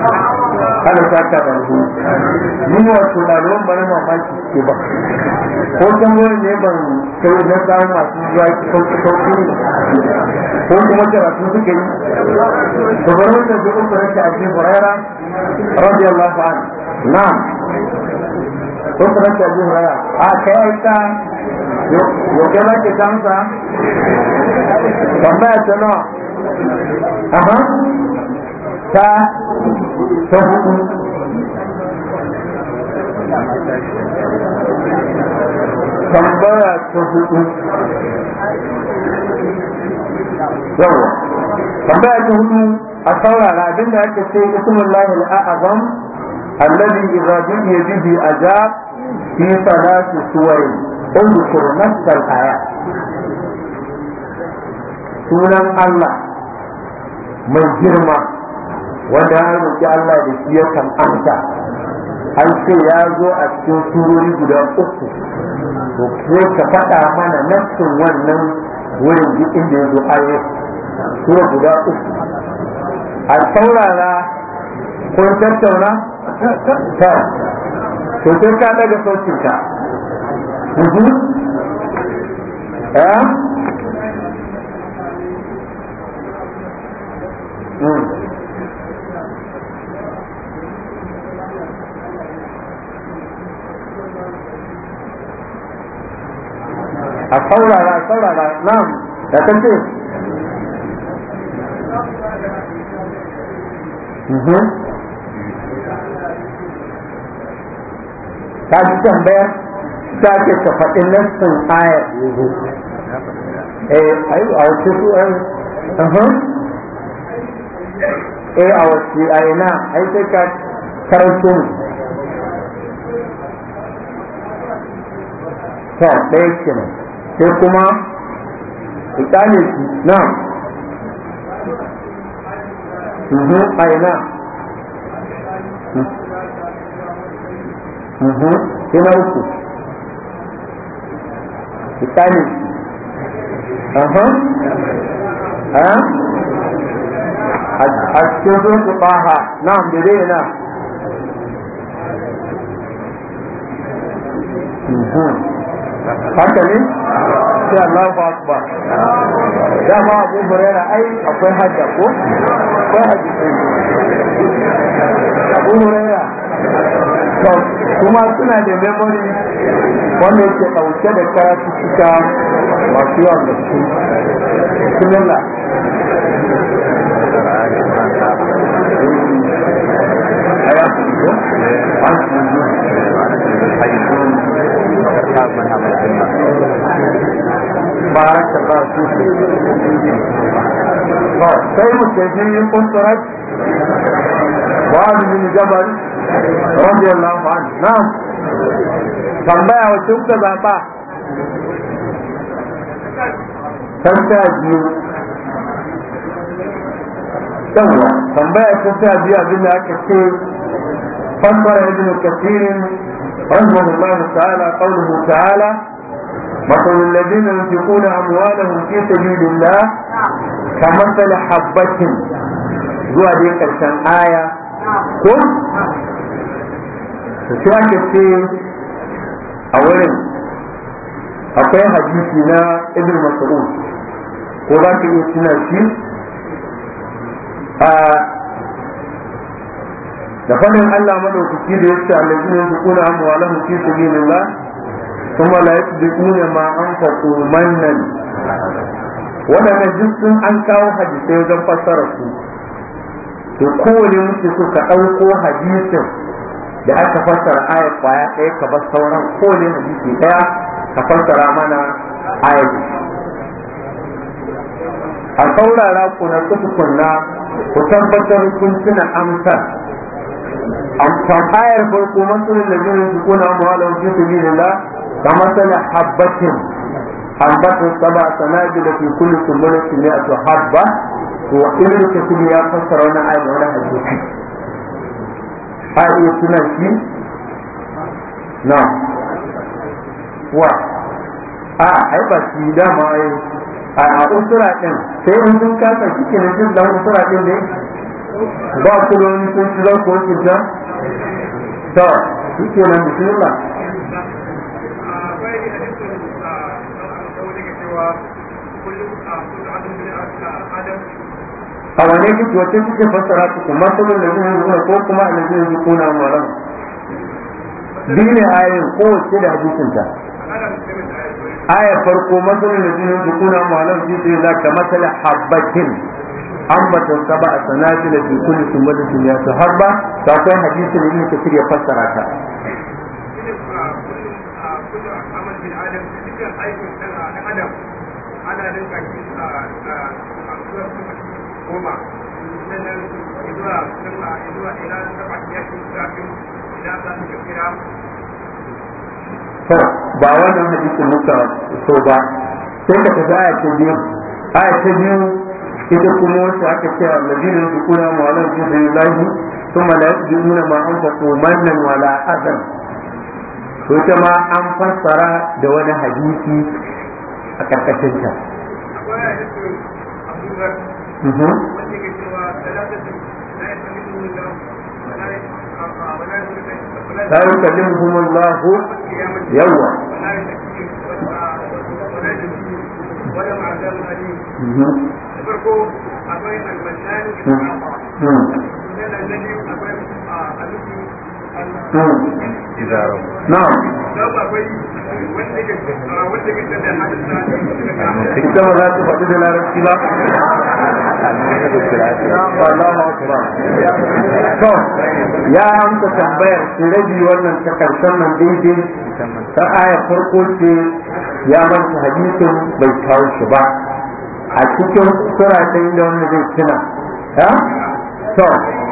ana ta ta da rubu mun wa tunanin bana mamaki ke ba ko wani ne ban kai na samun masu zuwa sauƙi sauƙi ko kuma ta rasu suka yi da barin da zuwa uku na ta ake huraira radiyallahu anhu Na. وصلت أبو هريرة tambaya ta hudu yawa tambaya ta a saurara abinda ake ce ismullahi al'azam alladhi idza bihi a ajab في ثلاث سور اذكر نفس الآيات sunan Allah mai girma wanda ya roƙi Allah da shi yakan amsa an ce ya zo a cikin surori guda uku to ko ka faɗa mana nassin wannan wurin duk inda ya zo ayo sura guda uku a saurara kun tattauna ta to sai ka daga sautin ka mhm. eh mm. a saurara saurara nan da kan ce mhm ka ji tambaya ta ce ta faɗi nassin aya yanzu eh ayu a wace su an eh a wace a ina ai sai ka karanto mu Ta ɗaya kenan sai kuma ikane shi na mhm, a ina sai na a cikin akwai hajja ko akwai hajji kyau kuma suna da memory wanda yake ɗauke da karatu cika masu yawan gaske bismillah بارك الله رضي الله عنه نعم فالبيع والسوق تبقى باع تمتاز تمام فالبيع تمتاز يا ابن كثير فانظر ابن كثير رحمه الله تعالى قوله تعالى مثل الذين ينفقون اموالهم في سبيل الله كمثل حبة جوا دي آية قل to sai ake ce a wurin akwai hadisi na ibn mas'ud ko za ka yi suna shi a da fadin Allah madaukaki da yace allazina yunfiquna amwalahum fi sabilillah kuma la yasbiquna ma anfaqu mannan wadannan duk sun an kawo hadisai wajen fassara su to kowane su ka ɗauko hadisin da aka fassara ayar kwaya ɗaya ka bar sauran a hadisi ɗaya ka fassara mana ayar a saurara ku na kunna ku tabbatar kun tuna amsar amsar ayar farko matsalin da jirgin su kuna mawalar fi sabilillah kamar sana habbatin habbatin saba sanadila fi ne a to habba wa ibnu kathir ya fassara wani ayar da wani hadisi a iya tuna shi na wa a haifar shi dama ah, a usura suraɗin sai in sun kasa kike ne jin dan usura din ne ba ku da wani kun ci za ku wanke ta shi ke nan ba. a wane kuke wacce kuke fassara ku kuma sabon da zai zuwa ko kuma a zai zuwa kuna mara biyu ne ko kowace da hadisin ta ayar farko matsalar da zai zuwa kuna maran shi sai za ka matsala habbatin ambatan saba a sanati da ke kulli sun bada sun yasa habba ba kai hadisi ne yake shirya fassara ta ana rinka shi goma ba wannan hadisin muka so ba sai ka tafi aya ta biyu aya ta biyu ita kuma wacce aka ce a ladina su kuna mawalan su da yulahi ثم ma an ما أنفقوا wala ولا أذى ita ma an fassara da wani hadisi a ƙarƙashinta. لا يكلمهم الله يوما ولهم عذاب أليم. فرقوا أبوي المنان بن عطاء. الذي أبوي أبوي izaran na'am ita ba za ta faɗi da larabci ba to ya amsa tambayar su rabi wannan takardar nan daidai ta farko ce ya manta hadisin bai kawo shi ba a cikin sura da inda zai tuna to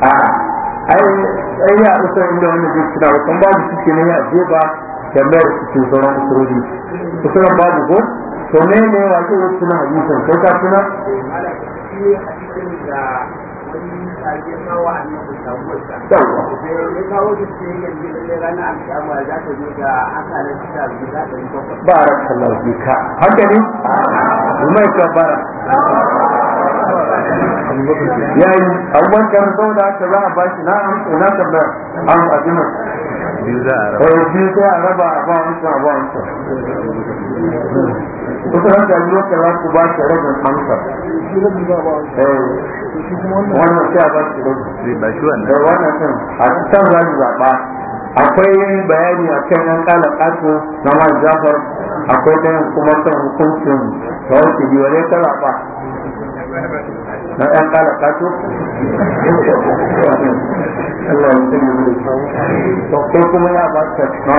a ah, ai ai ya ọ inda wannan zai kira wa kan babu shi kenan ya jefa da mayar cikin sauran usurori usurar babu ko to ne ne wa ke wasu na hadisin kai ka tuna بارك الله فيك هكذا وما يكبر yayi abubuwan kan sau da aka za a ba shi na ina ka ba an fatima biyu za a raba biyu sai a raba a ba wancan a ba wancan kusa za ka yi wata za ku ba ta rabin amsa eh, wannan sai a ba su wannan sun eh, a can za su zaɓa akwai bayani a kan yan kala kato na man jafar akwai ɗayan kuma kan hukuncin wasu biyu ne ta zaɓa na yan kala kato Allah ya mutum ya mutum. Sau kuma ya ba ta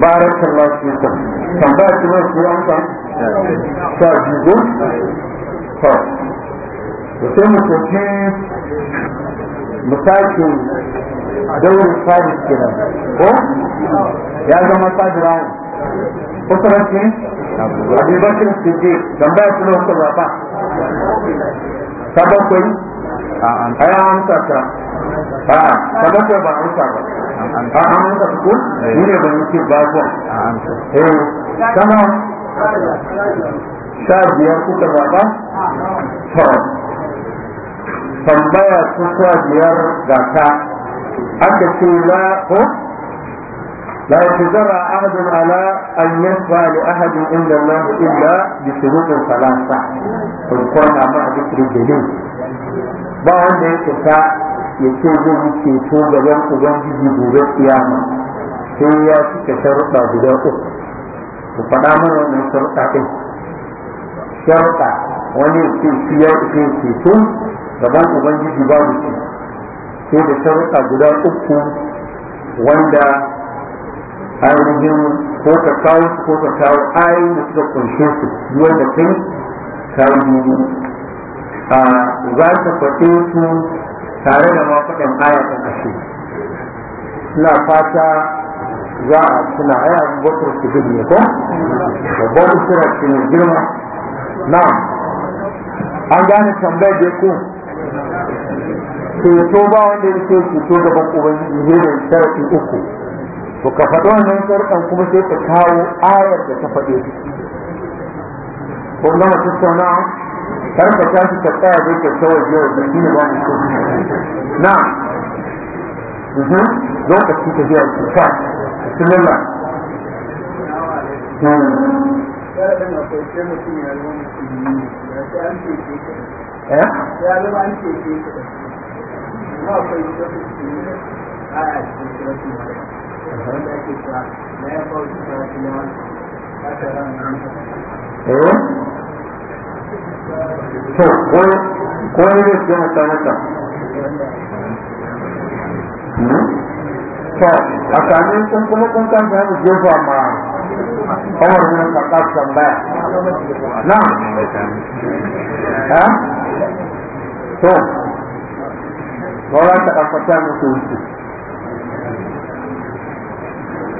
barakallahu fikum tambaya ki mai ko an san ta jigo to sai mu tafi mu sake daurin sabis kenan ko ya zama sadirawo kusuranci abubakar siddiq tambaya ki mai ko ba Sabon bakwai ai amsa ta ba kamar ko ba amsa ba ba an amsa ku? Eh. ni ne ban ce ba ku. ko eh kama sha biyar kuka zaba to tambaya ta sha biyar da ta aka ce la ko لا يتجرأ أحد على أن يشفع لأحد عند الله إلا بشروط ثلاثة وكان مع ذكر الدليل بعد يتسع يتوب يتوب لن أبنجي بوضع قيامة sai ya cika sharuɗa guda uku ku faɗa mana wannan sharuɗa ɗin sharuɗa wani ce shi ya ce ceto gaban ubangiji ba ce sai da sharuɗa guda uku wanda ainihin ko ka kawo su ko ka kawo ayoyin da suka kunshe su da kai ka yi a za ka faɗe su tare da mafaɗin ayatan ashe ina fata za a suna aya bakar su gudu ne ko babban sura ce mai girma na an gane tambayar da ku ceto ba wanda ya ce ceto gaban ubangiji ne da sharafi uku to ka faɗi wannan sharɗan kuma sai ka kawo ayar da ta faɗe ko gama tattaunawa kar ka tashi ka tsaya zai ka kawai yau da shi ne ba mu so na mhm. lokaci ta biya su ta bismillah hmm. Eh? Ya zama akwai cikin wanda ake cewa na ya ta eh to ko ne ne ya ta hmm? to a kanin kun kuma kun kan da mu jefa ma Umar bin na ha eh? to Wala ta kafata mutu wuce.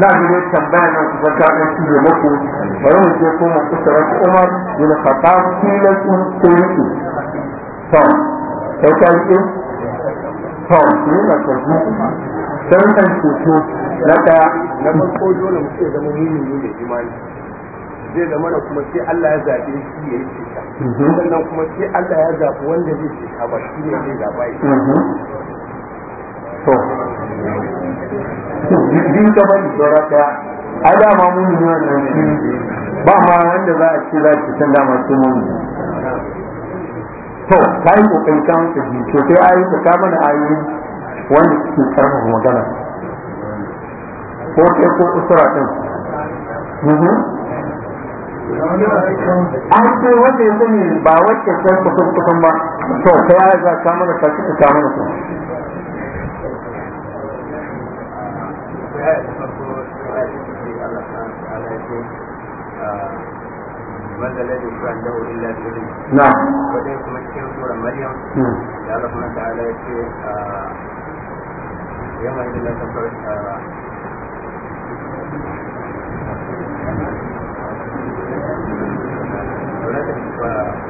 na gudu tambaya na kusa ta ɗan ci mako. muku bari mu je kuma kusa wasu umar yana kafa filan ɗin tsiriki to sai ta yi ɗin tom su yi na karfi don kan ceto na ɗaya na farko dole mu ce zama mumini ne imani zai zama da kuma sai Allah ya zaɓe shi ya yi cika mhm. sannan kuma sai Allah ya zaɓi wanda zai cika ba shi ne zai zaɓa ya to biyu ka bari saura ɗaya a dama mun yi wannan shi ba ma da za a ce za ki san dama ce mun to ka yi kokari ka mutu biyu to sai ayi ka ka mana ayi wanda suke karfafa magana ko kai ko usura ɗin mhm. an ce wanda ya sani ba wacce sai kusan kusan ba to ta yaya za ka mana ka kika ka mana ayar ta farko ayar ta ce Allah subhanahu wa ta'ala ya ce wanda la da Allah subhanahu wa ta'ala ya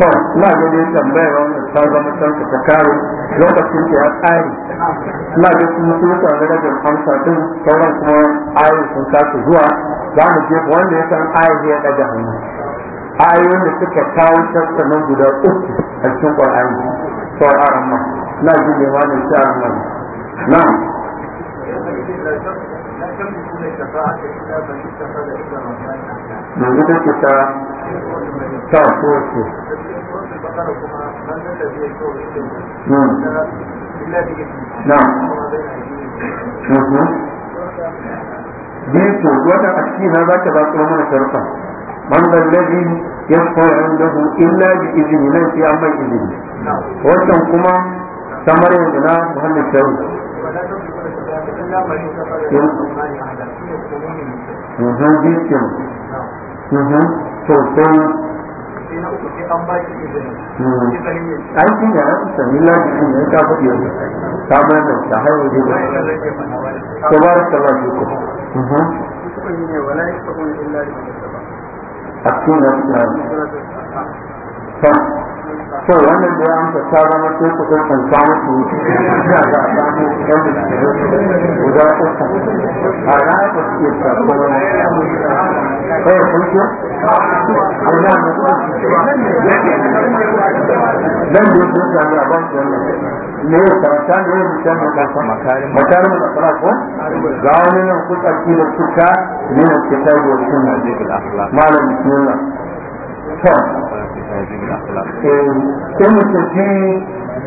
to ina ga dai tambayar wannan ta zama kanka ta kare lokacin da ya tsari ina ga kuma sun ta ga da amsa din sauran kuma ayoyin sun kasu zuwa za mu je wanda ya san ayoyi ya daga hannu ayoyin wanda suka kawo tattanan guda uku a cikin Qur'ani to a ramma na ji ne ma ne sha ramma na'am yanzu take ta Biyu ko wata a ciki na za ta ba su mana sharfa. Bangar lafi ya fara da su illa bi izini nan sai an bai izini. Wannan kuma samar yin gina muhallin sharu. to sai an shi ya an sami lafiya ne ta faɗi yau ta ma da ta haihu da ta ba ta ba shi mhm. ko a cikin da ta So, wannan da ya amsa ta zama ko ku san san samu ku ina ga samu yan guda uku a ranar da suke ta kuma kai kun ce ai na dan da su ta ban su ne karanta ne ya ta ya kan makarin da fara ko ga wani nan ku kuka ne ke wa sunna da akhlaq malam bismillah ko mu tafi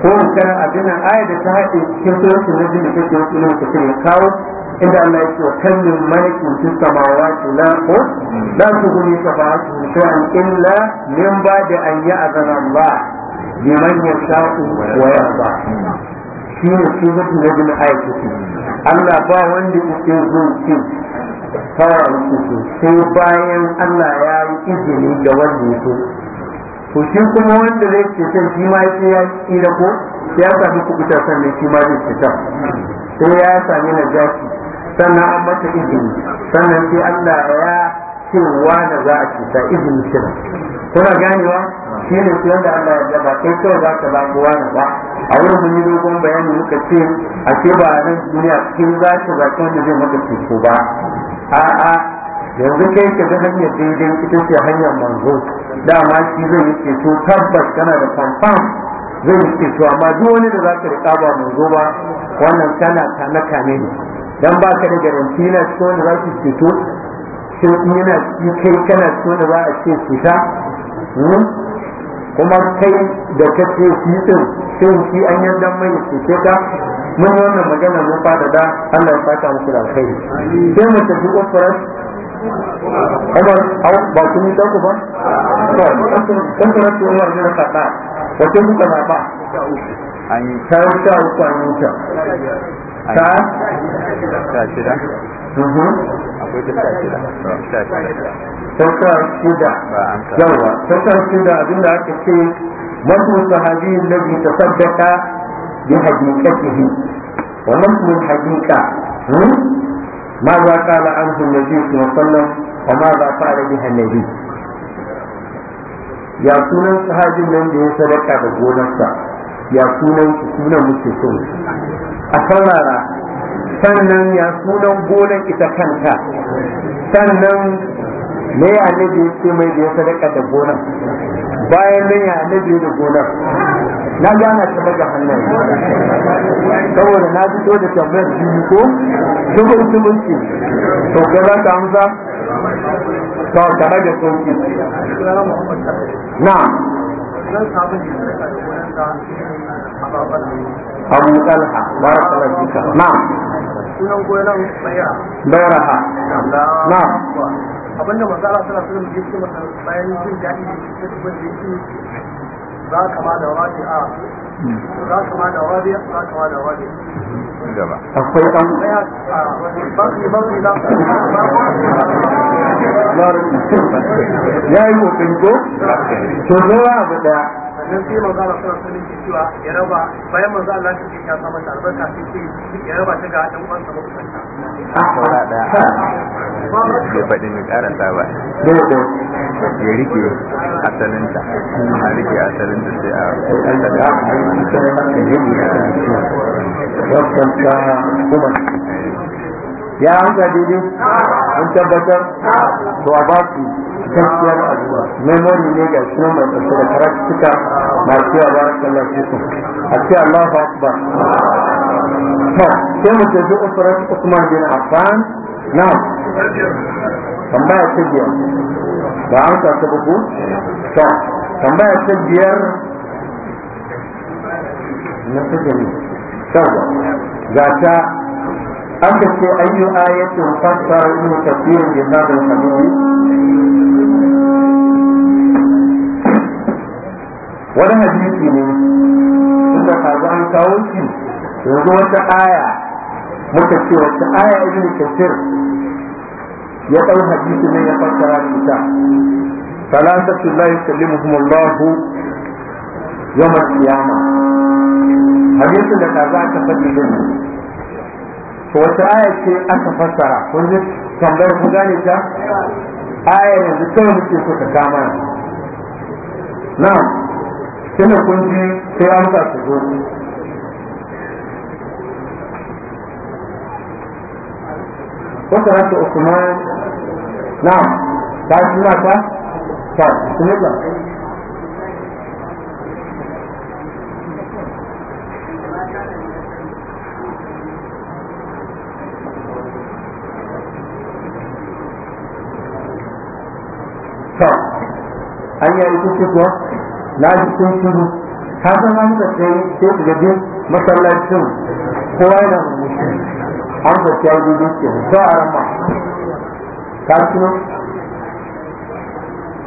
ko mu kana abin aya da ta haɗe cikin suratul najm da take wasu ne take kawo inda Allah yake wa kallin malikin fi samawati la ko la tughni shafa'atu an illa min da an yi ba. ya'zana Allah liman yasha'u wa yarda shi ne suratul najm aya take Allah ba wanda yake zuwa fara rukuku sai bayan Allah ya yi izini ga wanda ya to shi kuma wanda zai ce sai shi ma sai ya yi da ko ya sami kubuta sannan shi ma zai fita sai ya sami najasi sannan an mata izini sannan sai Allah ya cewa da za a cuta izini kira kuna ganewa shi ne su yadda Allah ya daba kai kawai za ka ba kowa ba a wurin mun dogon bayani muka ce a ce ba nan duniya cikin za ka zaƙi wanda zai maka ceto ba a'a yanzu kai ka ga hanyar daidai ita ce hanyar manzo dama shi zai yi ceto tabbas kana da fanfan zai yi ceto amma duk wani da za ka riƙa ba manzo ba wannan kana kane kame ne dan ba ka da garanti na cikin wanda za su ceto shin yana kai kana cikin da za a ce fita hmm? kuma kai da kace shi din shin shi an yarda mai fice ka mun wannan magana mun fada da Allah ya saka muku da kai. sai mu tafi ofirar Umar au ba ku yi ku ba to kan kana ku Umar ne ka ta wato muka na ba an ta ta ku an ta ta ta Mm-hmm. akwai ta shida ta shida yawa ta shida abinda aka ce wasu sahabi nabi ta saddaka bi hakikatihi hmm? wa nasmu hakika ماذا قال عنه النبي صلى الله عليه وسلم وماذا فعل بها bi ya sunan sahabin nan da ya sadaka da gonarsa ya sunan sunan muke so a saurara sannan ya sunan gonan ita kanta sannan me ya nabi ce mai da ya sadaka da gonan bayan nan ya nabi da gonan na gana ta daga hannun saboda na fito da tambayar jini ko dubun dubunci to ga za ka amsa to ka rage sauki na abu talha بارك الله فيك sunan gonan tsaya dauraha Na abinda manzara suna suna mu yake masa bayan jin daɗi da shi da kuma yake za ka ma da wadi a za ka ma da wadi za ka ma da wadi akwai an ya yi kokari ko? Kin zo abu daya nan sai manzo Allah sallallahu alaihi wasallam cewa ya raba bayan manzo Allah shi ke kasa mata albarka sai ce ya raba ta ga dan uwansa makusanta faɗi mai ba ya rike asalinta Ya rike asalinta sai a ya ya hanga daidai an tabbatar to a ba su gaskiyar addu'a memory ne ga shi mai tsarki da karattuka masu yawa sallar cikin a ce Allahu akbar to sai mu tafi usurat Usman bin Affan na'am tambaya ta biyar ba an ka ta buku to tambaya ta biyar na ta gani ga ta aka ce an yi ayatun fasa yin tafiyar da na don hannu wani hadithi ne suka kaji an kawo shi yanzu wata aya muka ce wata aya yin tafiyar ya ɗau hadisi ne ya fasa yin ta salatatu la yusallimuhum allah yawm al-qiyamah hadisin da kaza ka fadi din wata aya ce aka fassara kun ji tambayar gane yanzu kawai muke so ka kama na kun ji sai an sa su zo ta to an yayi kuke kuwa na ji kun shiru ka zama da sai sai ku masallacin kowa yana murmushi an ba ta yi duke ba a rama ka tuno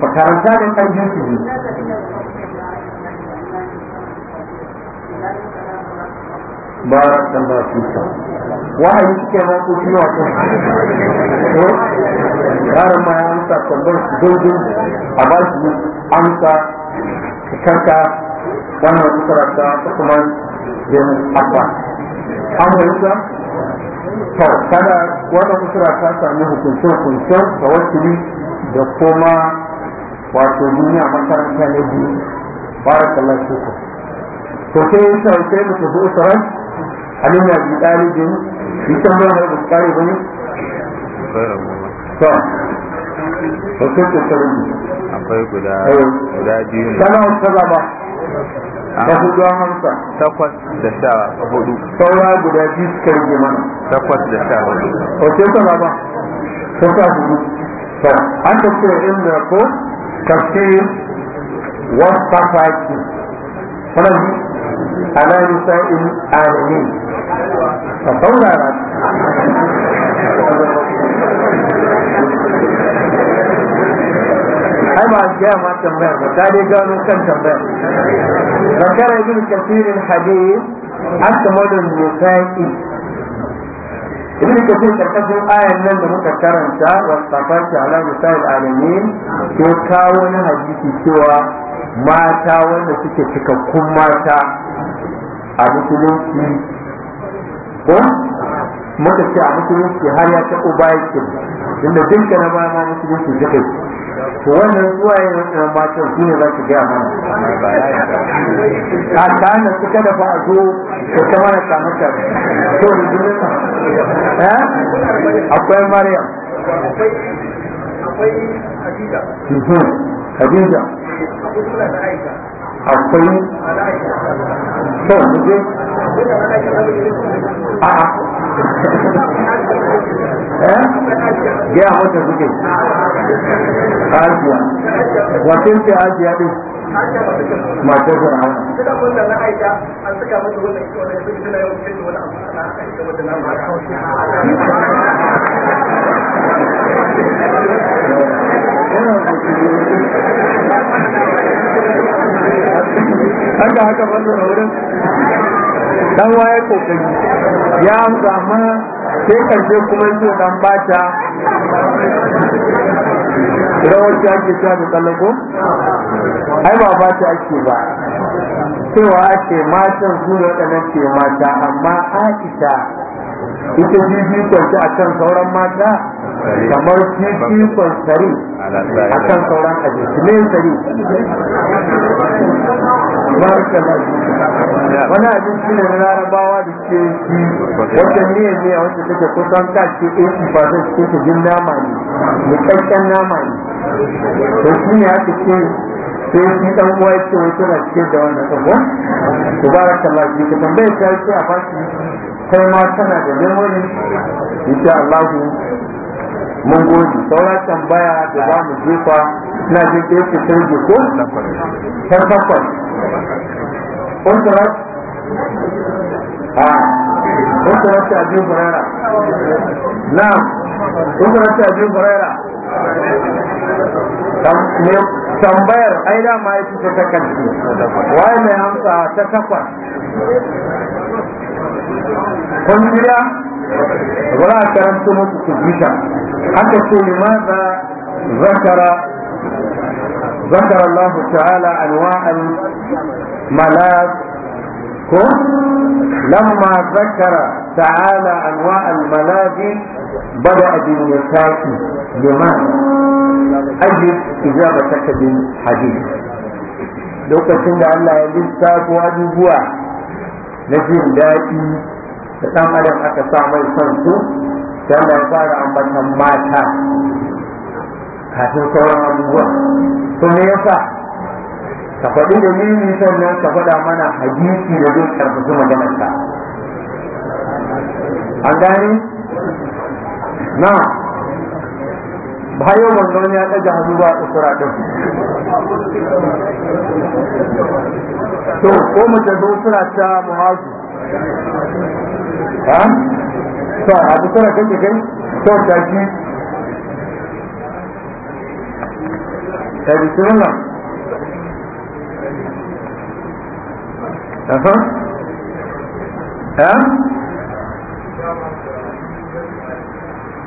makaranta ne kan jinsu ne ba a ba su wahayi cikin hankokin wato ranar ma ya amsa kwallon dodo a ba su amsa kanka wannan mutarata ta kuma yin abba an fahimta to kada wannan mutura ta sami hukuncin hukuncin da wakili da kuma wato duniya makaranta na biyu kallon shukr to sai yin sauke mutu zuwa sarai alimna bi ɗalibin duk tambayar da su kare ba ne to wasu kokarin akwai guda guda biyu ne kana wasu zama ba. hudu an hamsa takwas da sha hudu saura guda biyu suka rage mana takwas da sha hudu wasu zama ta sha hudu to an tafiya ilmi ko tafsir wasu tafaki wannan ala nisa'il alamin ka saurara ai ba gaya ma tambayar ba ta dai gano kan tambayar zakara ibn kasirin hadith akmalun nisa'i ibn kasir karkashin ayan nan da muka karanta wa safati ala nisa'il alamin to kawo na hadisi cewa mata wanda suke cikakkun mata a musulunci ko muka ce a musulunci har ya taɓo bayan inda dinka na baya ma musulunci kai to wannan zuwa yin wannan matan su ne za su gaya mana a tsanin su kada ba a zo ko ta mana kamata to ne jini ma eh? akwai maryam akwai hadija mhm. hadija akwai kyau kuje a eh gaya wata suke ajiya wasu ce ajiya din matar fir'auna a you. an da haka wannan wurin dan waye kokari ya amsa amma sai karshe kuma yake dan bata rawar ta ake cewa da tsallako ai ba ba ta ake ba cewa ake matan su ne waɗannan ke mata amma aisha ita bibi kwanci a kan sauran mata kamar fifikon sari a kan sauran su ne sari wani abinci ne na larabawa da ke shi wata ne a wacce take kusan ta ce 80 ba zai ce jin nama ne mutakken nama ne to shi ne aka ce sai shi dan uwa ce wai tana cikin da wannan tsawon ku ba ka lafi ka tambaye ta a baki kai ma tana da memory insha Allah mun gode saura tambaya da za mu jefa na jin da yake sai ji ko har bakwai kuntarat ah. a kuntarat ta biyu burera na kuntarat ta biyu burera tambayar ai da ma yake ta kanci wai mai amsa ta takwas kun jira ba za a karanta musu su حتى تقول لماذا ذكر ذكر الله تعالى انواع كن لما ذكر تعالى انواع الملاذ بدا بالنكاح لماذا اجد اجابتك بالحديث lokacin da Allah ya lissafo abubuwa na jin daɗi da ɗan adam aka sa mai son su dan da fara ambatan mata kafin sauran abubuwa to me yasa ka faɗi da mimi sannan ka faɗa mana hadisi da zai karfafi maganar ka an gani na bayan wannan ya ɗaga hannu ba a kusura ɗin to ko mu zo suna ta muhazu sa abu tana kake kai to ta ki ha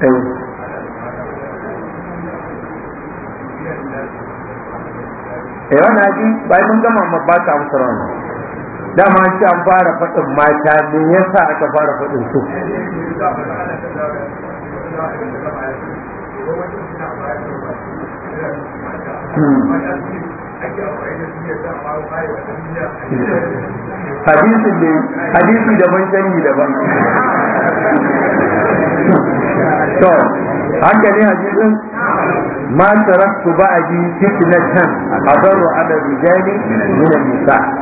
eh eh bayan mun gama mabata musu dama an ce an fara faɗin mata ne yasa aka fara faɗin su hadisi ne hadisi daban da daban to haka ne hadisin ma taraktu ba'di fitnatan adaru ala rijali min nisa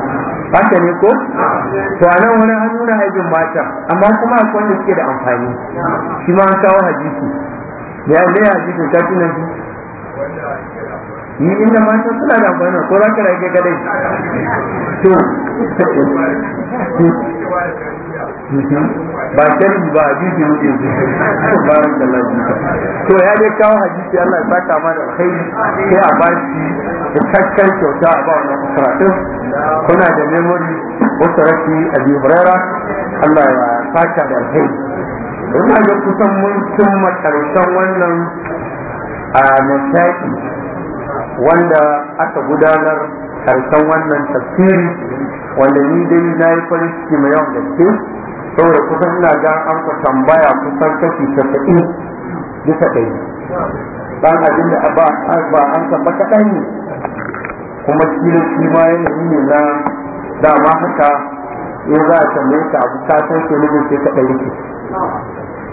haka ne ko to a nan wani an na haifin mata amma kuma akwai wanda suke da amfani shi ma an kawo hadisi da ya zai hadisi ta tuna su ni inda mata suna da amfani ko za ka rage kadai to ba sharhi ba hadisi muke yanzu barin da lafiya to ya dai kawo hadisi Allah ya saka ma da alkhairi sai a ba shi cikakken kyauta a ba wannan karatun kuna da memory wasu rashi a jibrera Allah ya saka da alkhairi ina ga kusan mun cimma karshen wannan a wanda aka gudanar karshen wannan tafsiri wanda ni dai na yi farin ciki mai yawan gaske saboda kusan ina ga an ka tambaya kusan kashi duka bisa yi ɗan abin da ba an ba kaɗan ne kuma cikin shi ma yanayi ne na dama haka ya za a tambaye ka abu ta san ke nufin sai kaɗa yake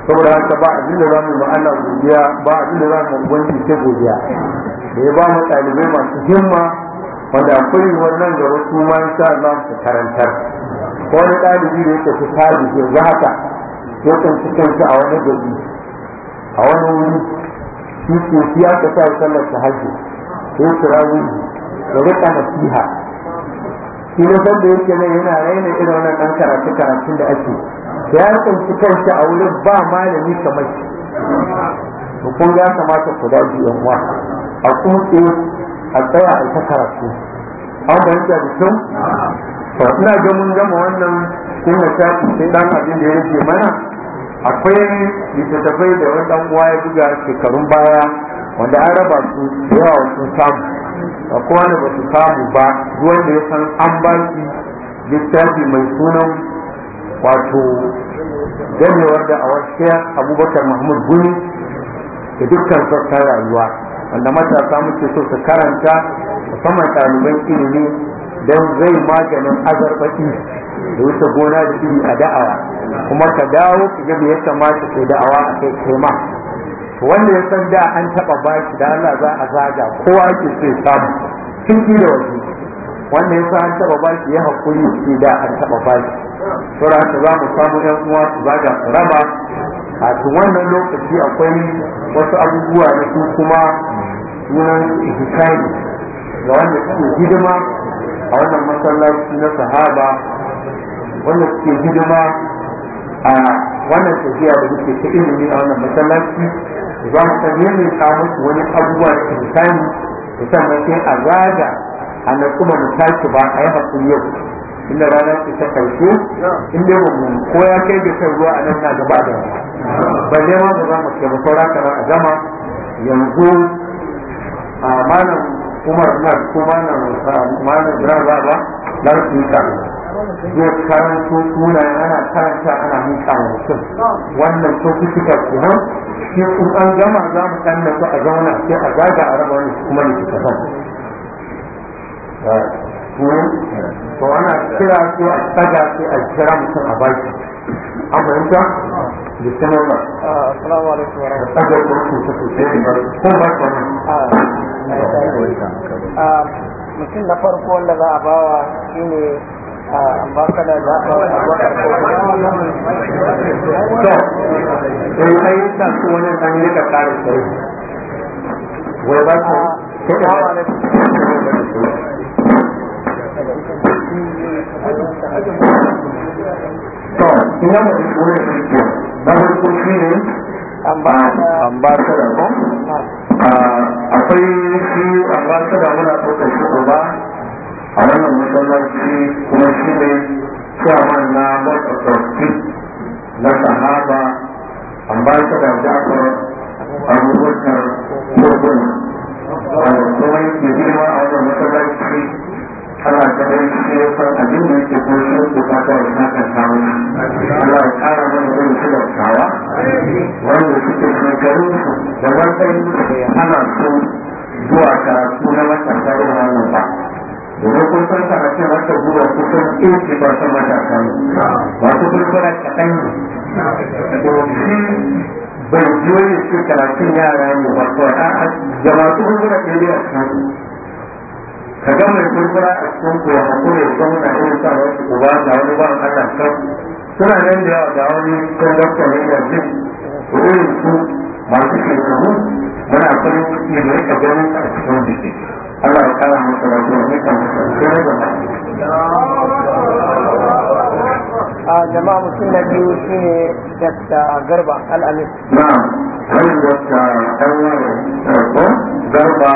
saboda haka ba abin da za mu ma'ana godiya ba abin da za mu ubangiji ke godiya da ya ba mu ɗalibai masu himma wanda akwai wannan da wasu ma za Allah su karantar ko wani ɗalibi da ya tafi tabi yanzu haka ya tsanci kansa a wani gari a wani wuri shi ke shi ya ta sa sallar ta hajji ko kira wuri ya rika fiha shi na san da yake nan yana raina irin wannan ɗan karatu karatun da ake ya kanci kansa a wurin ba malami kamar shi kun ya kamata ku daji yan uwa a kuma a tsaya a ta karatu an bayyana da kyau ina ga mun gama wannan kuma ta sai dan abin da yake mana akwai littattafai da wani dan uwa ya buga shekarun baya wanda an raba su da yawa sun samu akwai wanda ba su samu ba ruwan da ya san an ba shi littafi mai sunan wato ganewar da awar abubakar mahmud guni da dukkan sassan rayuwa wanda matasa muke so su karanta musamman ɗaliban ilimi don zai maganin azarfaɗi da wuce gona da iri a da'awa kuma ka dawo ka ga ya kamata ko da'awa a kai kai wanda ya san da an taɓa baki da Allah za a zaga kowa ke sai samu ciki da waje wanda ya san an taɓa baki ya hakuri ce da an taɓa baki sura ta za mu samu yan uwa su zaga su raba a wannan lokaci akwai wasu abubuwa da su kuma sunan hikari ga wanda suke hidima a wannan masallaci na sahaba wanda suke hidima a wannan tafiya da muke ta ilimi a wannan masallaci za mu san yin musu wani abubuwa da kirkani da sannan sai a zaga a na kuma mu tashi ba a yi hakuri yau inda rana ce ta karshe in dai ba mu ko kai da kan ruwa a nan na gaba da ba zai ma ba za mu kai ba saura kamar a zama yanzu a malam umar na kuma na musa malam brava ba za su yi karanto sunayen karanta ana musa wa mutum wannan cututtuka kuma shi kun an gama za mu ɗan da a zauna sai a zaga a raba wani kuma ne kuka Ba to ana kira su a tsaga sai a jira mutum a baki an fahimta da sanarwa. Assalamu alaikum warahmatullahi wabarakatuh. ba mutum na farko wanda za a bawa shine ne kare sai wai ba akwai shi a basu da muna ɗaukar shi ba a wannan masallaci kuma shi ne chairman na board of trustees na sahaba ambassador jafar abubakar murgun wanda kuma yake girma a wannan masallaci Ana ta dai shi ya san abin da yake ko shi ko ta ta ina ka samu Allah ya kara mana wani shirin tawa wanda suke shekarun su da matsayin su bai hana su zuwa karatu na matasa irin wannan ba domin kun san a cikin wata guba kusan ɗauke ba san matasa ne masu gurgura kaɗan ne domin bai jiyo su karatun yara ne ba kawai a jama'a su gurgura ɗaya a cikin ka ga mai kurkura a cikin kuwa hakuri da kuma na irin sa wasu uba na wani ba a kan suna nan da yawa ga wani kan dokta ne da jin su masu shekaru muna farin ciki da rika ganin a cikin jiki Allah ya kara masa lafiya ne kan sai da a jama'a mutum na biyu shine dakta garba al'amin na'am wani dakta ɗan garba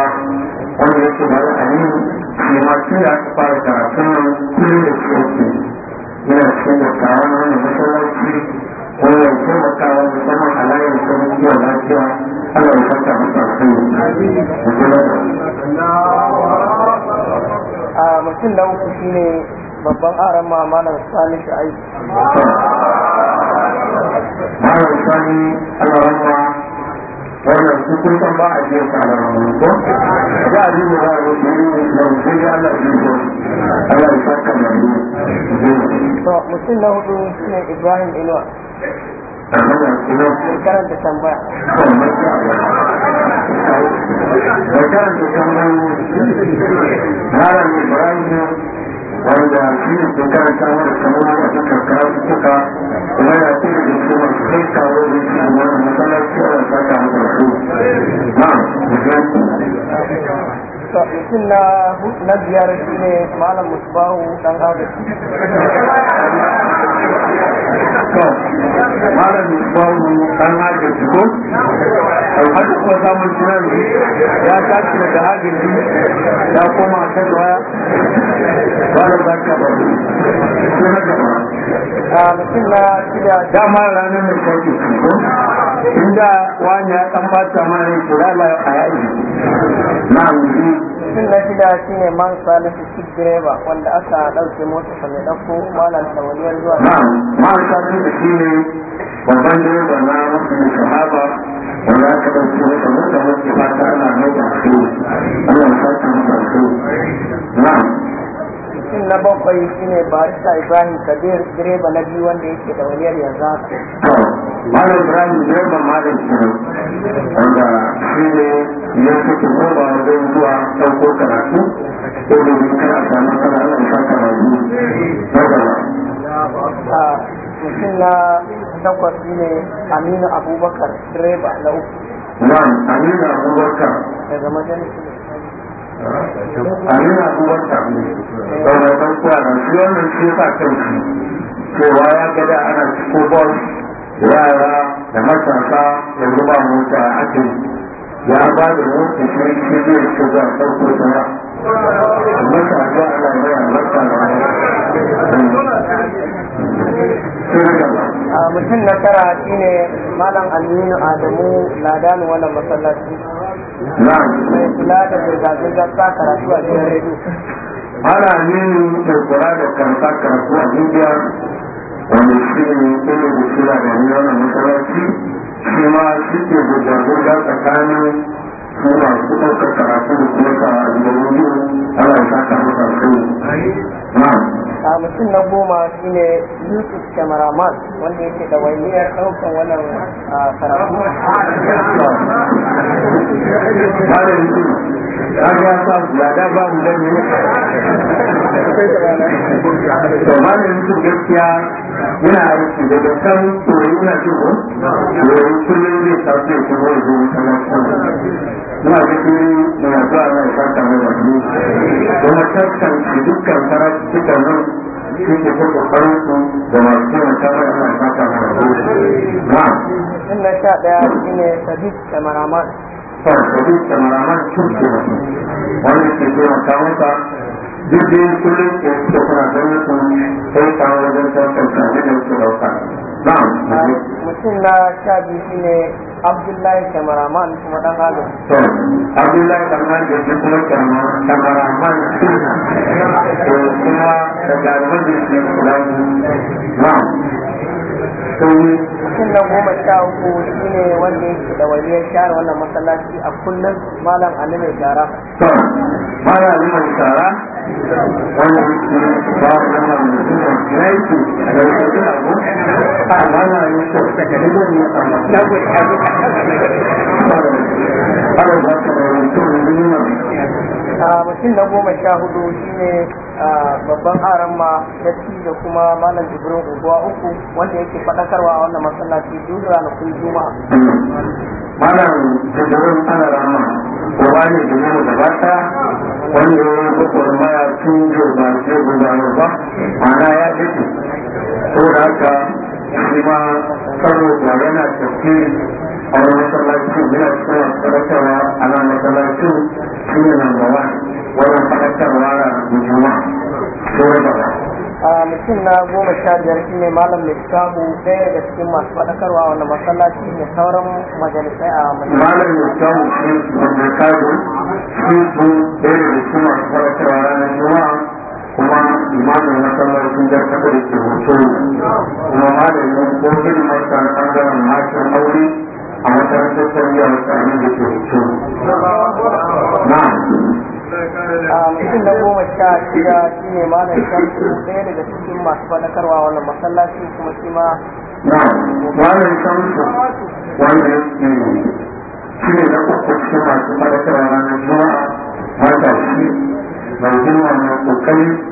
wanda ya da wani aliyu shi ma tun da fara karatun nan kullum da shi yana cikin da tawa wani masallaci taimakawa musamman a layin lafiya Allah ya Mutum na uku shine babban aran mamalar Sani Shu'aibu. Malam Sani wannan su san ba a je ta da ko ba a ji ba ne da mutum ya Allah ji ko ala ya saka da ni to mutum na hudu ne Ibrahim Inuwa karanta tambaya karanta tambaya malam Ibrahim wanda shi ne ke karanta mana kamar da suka karatu suka kuma ya ce da su ma sai kawo da shi a wani masallaci a da saka da su na mutum na na biyar shi ne malam musbahu dan abu malam musbahu dan abu ko alhaji ko samun tunan ya tashi daga hajji ya koma kan waya ranar ba ka ba ko haka ba a mutum na shida dama ranar da ta ke inda wani ya san bata mara ko rama a yaji na wuce mutum na shida shi ne man salisu shi direba wanda aka ɗauke motsa sa mai ɗauko malam samaniyar zuwa na man salisu shi ne babban direba na mutum sahaba wanda aka ɗauke motsa motsa motsa fata ana mai da su ana fata motsa su na mutum na bakwai ba barista ibrahim kabir direba na biyu wanda yake da waliyar yanzu haka malam ibrahim direba malam shi wanda shi ne ya fito goma wajen zuwa ɗauko karatu ko da domin kana samun kana ana isa karatu mutum na takwas shine aminu abubakar direba na uku na'am aminu abubakar daga majalisar a nuna ruwan samu ɗauratan kwanan shi wannan shi sa kanki cewa ya gada ana ciko bol yara da matasa da zuba mota a ake ya ba da mota shi shi zai ci za a ɗauko sana matasa ana yawan matasa mutum na tara shine malam aminu adamu ladanu wannan masallaci mai kula da zirga-zirgar sa karatu a gidan rediyo Ana nini mai kula da karanta karatu a indiya wanda shi ne kuma gusura da ni wannan masallaci shi ma shi ke zirga-zirgar tsakanin su masu karatu da kuma sa da wani ana ana sa karatu a kai a mutum na goma shi ne yusuf kamaraman wanda yake da wailiyar ɗaukan wannan karatu ya ga ya sa ya da babu dan ne akwai to malamin su gaskiya yana aiki da gaskiya koyi yana jin ko koyi kullum zai tafi ya kuma ya zo masallaci muna zikiri muna zuwa mai fata mai wani kuma tattan shi dukkan farar nan shi ke fi kokarin su da masu taimaka mai ana fata mai wani na inda sha daya shi ne sabit da maramar sabit da maramar cikin wani wanda ke taimaka masa duk da yin kullum ya suka fara zama sun sai kawo wajen sauƙin sami da su ɗauka. Mutum na sha biyu shi ne Abdullahi Kamaraman kuma ɗan Adam. To, Abdullahi Kamaraman da shi kuma Kamaraman to kuma da ɗaliban da shi kula ne. Na'am. Mutum na goma sha uku shi ne wanda yake da waliyar share wannan masallaci a kullum Malam Ali mai shara. To, Malam Ali mai shara wannan ba wannan mutum da a wani da a na da goma sha hudu shine babban aran ma da kuma malam jibrin uguwa uku wanda yake faɗakarwa a wannan masallaci duk ranakun juma'a malam jibrin ana rama gaba ne da mu gabata wanda ya yi maya tun jirga sai gudanar ba ana ya fito saboda haka shi ma saboda yana tafiyar a wani masallaci yana cikin fadakarwa a nan masallaci shi ne nan gaba wannan fadakarwa na juma'a sai da mutum na goma sha biyar shi ne malam mai samu ɗaya da cikin masu faɗakarwa wanda masallaci ne sauran majalisai a majalisai. Malam mai samu shi wanda ta shi su ɗaya da cikin masu faɗakarwa ranar juma'a kuma imamin masallacin jar kaɗa da ke hoto kuma malamin gogin masa ɓangaren matan aure a makarantar tarbiyyar mutane da ke hoto. Na'am. mutum na goma sha shida shi ne malam shamsu ɗaya daga cikin masu faɗakarwa wannan masallaci kuma shi ma malam shamsu wannan shi ne na uku cikin masu faɗakarwa ranar juma'a matashi mai jima mai kokari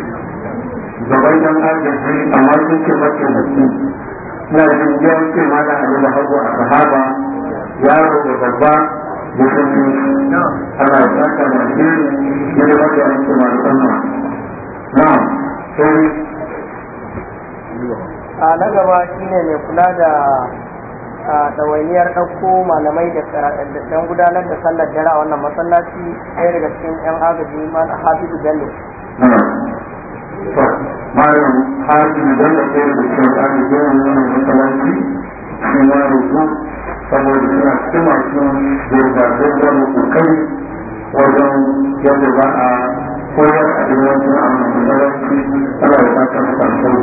Gabai don agaji amma sun ce mace mutum na jin yawancin mana a nuna hagu a sahaba yaro da babba da sun ana saka na jiri ne da mace yanki masu sama na sai a na gaba shi ne mai kula da ɗawainiyar ɗauko malamai da ɗan gudanar da sallar jara a wannan masallaci ɗaya daga cikin 'yan agaji man hafizu bello malam hafi don da kai da kyau an yi zuwa nuna masalanci shi na roƙo saboda suna cikin masu zirga da kokari wajen yadda za a koyar a duniyancin a masalanci ana da ta kasa kankan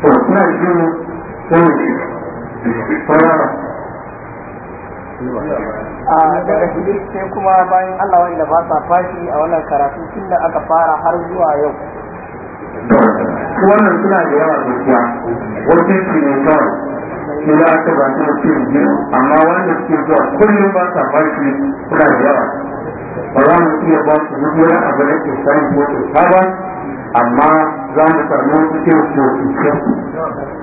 to ina jin sai fara a daga hijir sai kuma bayan Allah wanda ba sa fashi a wannan karatu tun da aka fara har zuwa yau wannan suna da yawa gaskiya wajen su ne kawai a ta ba su mutum biyu amma wanda suke zuwa kullum ba sa fashi suna da yawa ba za mu iya ba su duk wani abu na ke sani ko ta ba amma za mu samu cikin su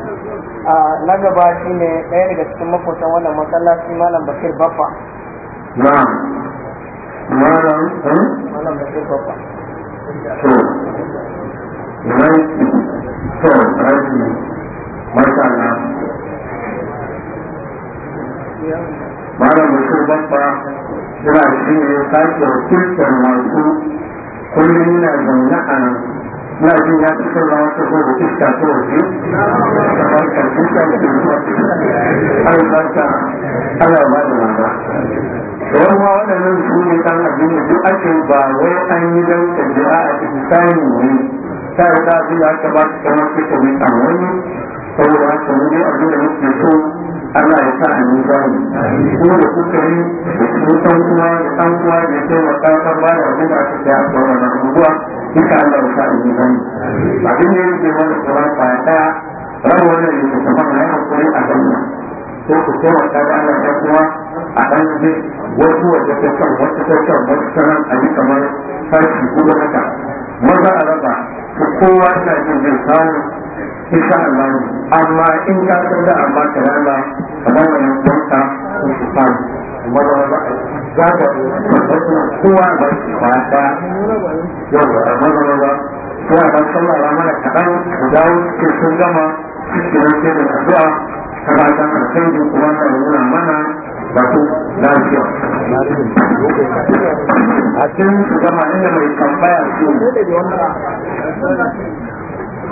na gaba shi ne ɗaya daga cikin makwatan wannan masallaci malam bakir baffa na'am malam eh? malam bakir baffa to nai to rashi masha Allah malam bakir baffa yana shi ne sake wakiltar masu kullum yana zaune a nan na jin ya fi kai ya ta gobe iska ta waje ta barkar duka da duka har ba ta ala ba da ba, yan ma waɗannan su ne kan abin da duk ake ba wai an yi don ta jira a cikin sani ne ta yi ta abin da aka ba ta kamar fita mai wani saboda haka mu ne abin da muke so Allah ya sa a nuna mu kuma da kokari da cikin san kuma da san kuma da ke wa kasar ba da abin da aka ce a tsawon da abubuwa duka Allah ya sa a nuna mu abin da yake mana tsoron kwaya ta rabu wannan da ke saman na yau kuri a ganya ko ku taimaka da Allah ya kuma a ɗan ji wasu wadda ta kan wata ta kan wata ta a yi kamar sashi kuma haka maza a raba kowa ta jin jin samun insha Allah amma in ka san da amma ka rana kamar wannan kwanta ko su fara kuma da ba za ka kowa ba su fata yau ba amma ba ba kowa ba sallah ba mana kaɗan ku dawo ke sun gama cikin ke da addu'a ta ba ta kan kuma ta nuna mana wato lafiya a cikin gama inda mai tambaya su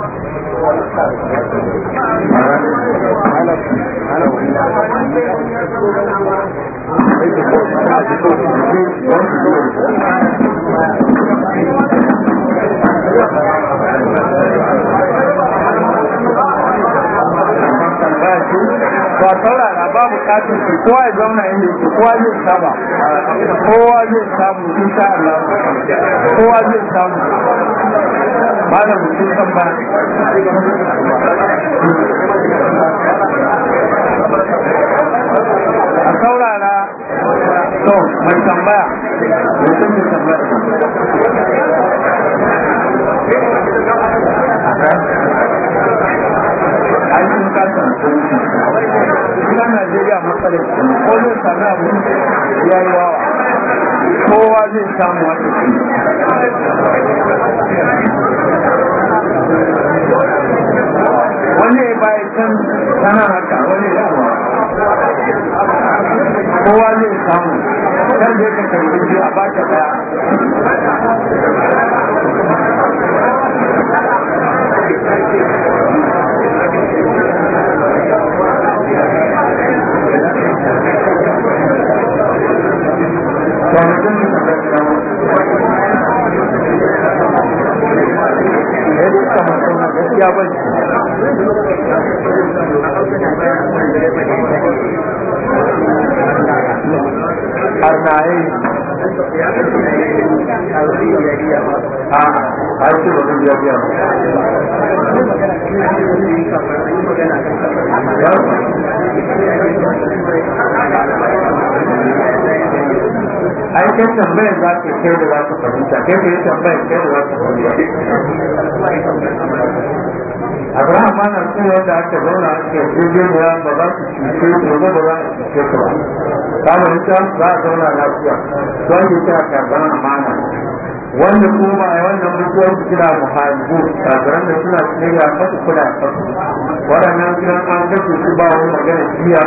ba ba kowa inda kowa zai saba kowa zai samu insha Allah kowa zai samu malam mutum san ba a saurara to tambaya mai san najeriya matsalin ko zai sami abu ya yi wawa kowa zai samu wata wani ya bayi can tana haka wani ya yi kowa zai samu can zai ka karbi shi a baka daya Thank you. Arnaye. Ah, har ce ba zai biya biya. ai kai tambayar za ka kai da za ka fahimta kai ka yi tambayar kai da za ka fahimta abraham ma na cikin wanda aka zauna aka jirgin ruwa ba za su cuce su ba ba za su cuce su ba kamar ita za a zauna lafiya don yi ta karɓar amana wanda kuma ba wannan mutuwar su kira muhajiru kafiran da suna tsira kasu kuna kasu waɗannan kiran an kashe su ba wani magana jiya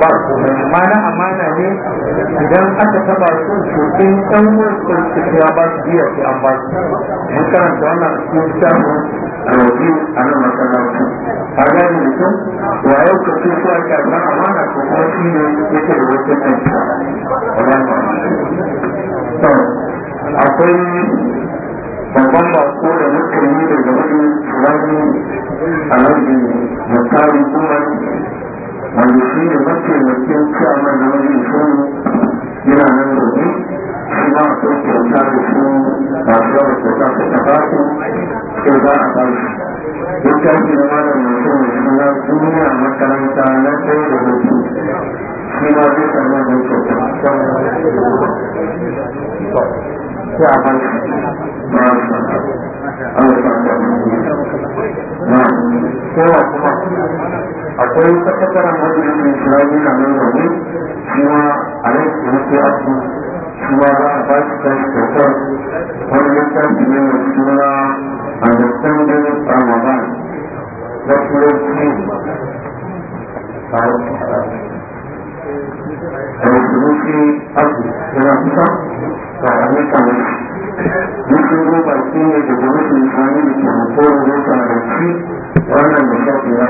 ba komai amma na amana ne idan aka taba su to in ɗan wani sun su kira ba su jiya sai an ba su mun karanta wannan su samu rauni a nan masana'antu a gani mutum wa yau ka ce su a kyarnar amana ko kuma shi ne yake da wasu ɗan shi. akwai babban bako da muka yi da gabanin turani a lardin zakari kuma wanda shi ne mataimakin kama na wajen shuru yana nan gobe shi ma akwai kyauta da su masu yawa kyauta su ta za a ba shi yadda ake da malam mai kyau mai suna duniya makaranta na ɗaya da hutu shi ma zai samu mai kyauta sai a akwai sakataren wani mai shirayi na nan zaune shi ma a nan kuma su shi za a ba shi kan kyautar wani littafi ne mai suna understanding ramadan na turanci musulunci abu yana kusa ba a rika ne mutum ko ne da gwamnatin islami da ke ne rota da shi wannan da shafi ya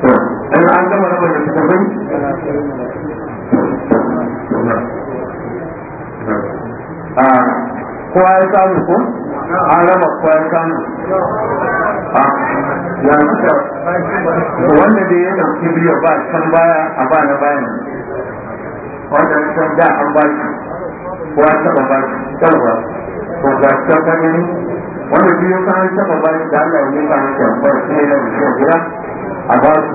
to an an gama raba da ta bai a kowa ya samu ko an raba kowa ya samu ah, a wanda da biyu ba can baya a ba na bayan wanda ya san da an ba shi kowa ya taba ba shi yawa ko ga shi ta gani wanda biyu kan an taba ba shi da Allah ya yi ba shi ne da shi gura a ba su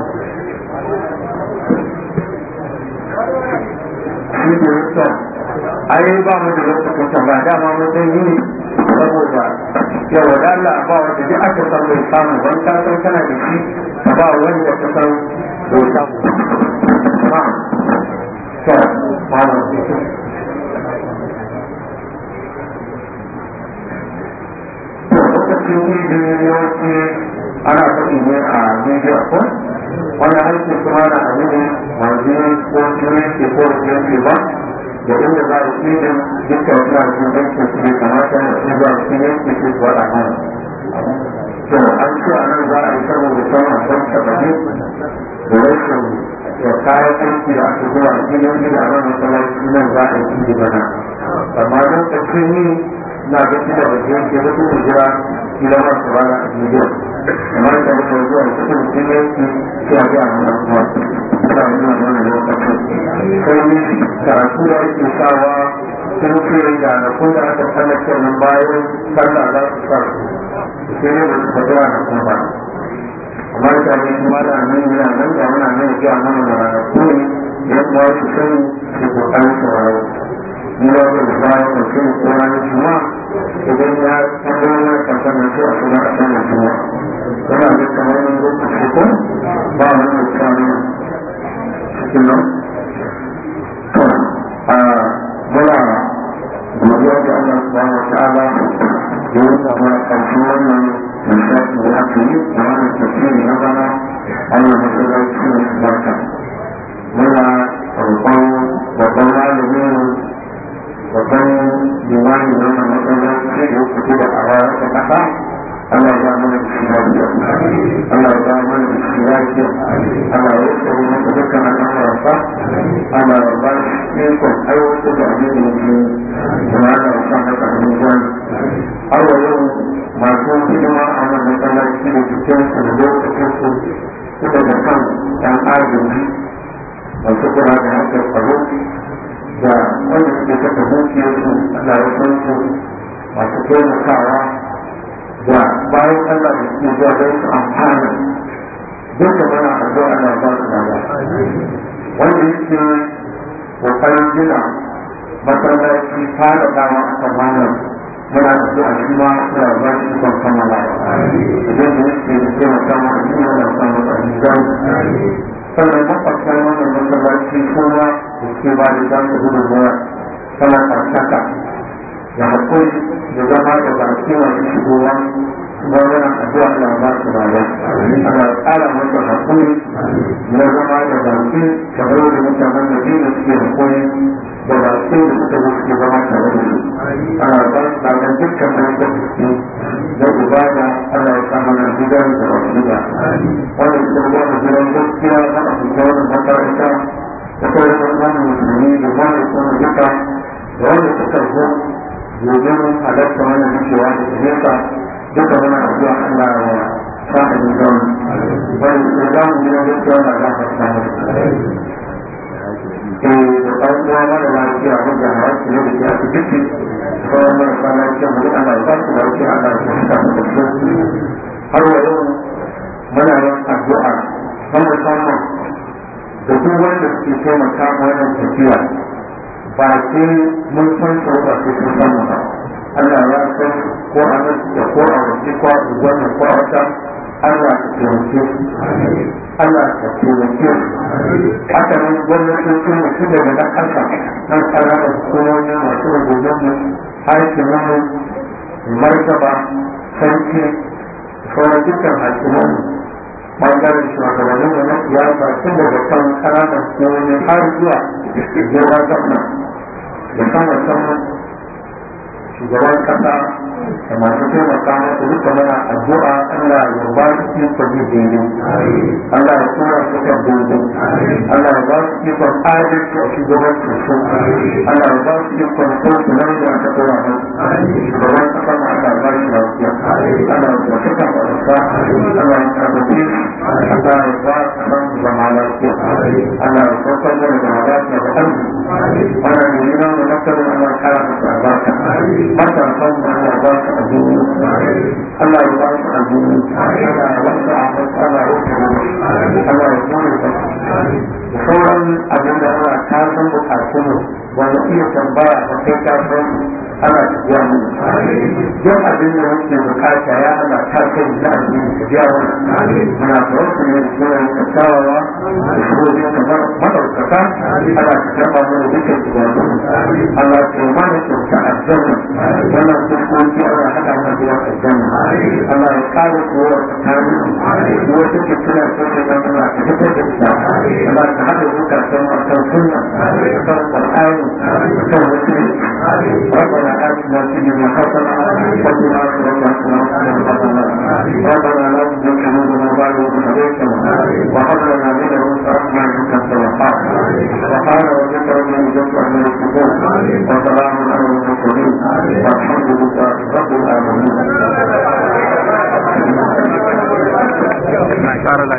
shi ne ya ai ba mu da lokacin tambaya dama mun san yi saboda yau da Allah ba wanda duk aka san mai samu ban ka san kana da shi ba wani wanda ka san ko ta ba ta ba mu lokacin yi yawanci ana faɗi ne a media ko wani harshe kuma na amini wanzu ko turai ke ko turai ke ba da inda za a ci da dukkan suna cikin aikin su ne kamata na cikin za a ci ne ke ce a nan to an ce a nan za a yi saboda samun san tabbaci da rashin da kayan aiki da aka zuwa a cikin gida a nan masallaci nan za a yi ci da bana amma don ƙarshen yi na ga shi da bakin ke da kuma jira kila ba su bana a jirgin amma da kuma zuwa cikin kiriyanci sai a ga amma kuma ana zuwa mana lokaci sai ne karatu da ake sawa sun ce da na kuma aka sanar kenan bayan sallah za su sa sai ne ba su fada na kuma amma da ne kuma da nan yana nan da muna nan ya ga mana da ranaku ne yan su sani su kokarin yiwa da bayan mutum ko ranar juma idan ya tsaro na kasar na zuwa kuma a kan juma yana da kamar yin lokaci ko ba wani mutane cikin nan a muna godiya da Allah subhanahu wataala da ya nuna mana ƙarshen wannan lissafi da aka yi da wannan tafsiri na bana Allah masallaci ne barka muna roƙon babban malamin babban limani na wannan matsalaci da ya fito da awa ta kasa Allah ya mana da shi lafiya Allah ya mana da shi lafiya Allah ya tsaro da dukkan al'amuran ba Allah ya ba shi ikon aiwatar da abin da yake kuma Allah ya sa masa abubuwan Allah yau masu hidima a wannan matsalaci da cikin su da lokacin su suka da kan ɗan arziki wasu kuma da hankali tsaro da wanda suke kasa dukiyar su Allah ya san su masu taimakawa da bayan Allah da suke zuwa don su amfana duka mana a zuwa ana ba su nada wanda yake kokarin gina masallaci fara dama a tsammanin muna da su a shi ma da ba shi ikon kammala idan da yake taimaka ma a cikin wannan samun a sannan makwabta wannan masallaci kowa da ke ba da za ta gudu ba tana karkata da hakuri da zama da ba kewa da shigowa kuma yana addu'a da ba su ba da ana tsara masa hakuri na zama da ba ke kamar da mutanen da ke da suke da masu da suka zo suke zama tare da su ana ba su tsakan dukkan manufar su da ubada ana ya sa mana gudanar da wasu da wanda suka zo da gidan gaskiya na a fita wannan makaranta da kawai da wani musulmi da wani kuma duka da wanda suka zo domin halatta wannan cewa da su nesa duka wani abuwa Allah ya sa a gidan wani da za gidan gaskiya na za a to ɗan uwa mara lafiya wanda ya ci ne da ya ci ciki sauran ana ba su lafiya ana su fita da su har wa yau muna yin addu'a ta musamman da duk wanda suke taimaka wannan tafiya ba ce mun san su ba su sun san ba Allah ya ko a nan ko a waje ko a wannan ko wata Allah ka taimake su Allah ka taimake su haka nan gwamnatocin mu tun daga nan ƙasa nan ƙasa da hukumomi masu rubutun mu harshen mun martaba sarki sauran dukkan hakiman mu ɓangaren shugabannin da na siyasa tun daga kan ƙananan hukumomi har zuwa girma gwamna da kan wasan shugaban ƙasa da masu taimaka na su rika mana addu'a Allah ya ba su ikon yi daidai Allah ya tura su kan daidai Allah ya ba su ikon adalci a shugaban su Allah ya ba su ikon sauki nan da aka tura su shugaban kasa ma Allah ya ba shi lafiya Allah ya ba shi kan barasa Allah ya karbace shi Allah ya ba su kan zama lafiya Allah ya saukar da zama lafiya da kan wannan ne da nasarar Allah ya kara masa albarka masa kan Allah ya ba shi abin Allah ya ba shi abin Allah ya wasa sauran abin da Allah ta san ba iya tambaya ba kai ka san ana tafiya mu abin da muke bukata ya ana ta kai na abin da tafiya mu muna farauta ne da kuma kasawa da shugabin kamar ana tafiya mu da dukkan gidanmu Allah ta yi mana kyauta a zama wannan kuskoki ana haɗa mana zuwa a zama Ana ya kare a tsakanin wata ke suna son da zama ta fitar da ita Allah ta haɗa zukatan masu a kan Qur'ani ربنا آتنا في الدنيا حسنة وفي الآخرة حسنة وقنا ربنا لا تزغ قلوبنا بعد إذ هديتنا وهب لنا من لدنك رحمة إنك أنت الوهاب سبحان ربك رب العزة عما يصفون وسلام على المرسلين والحمد لله رب العالمين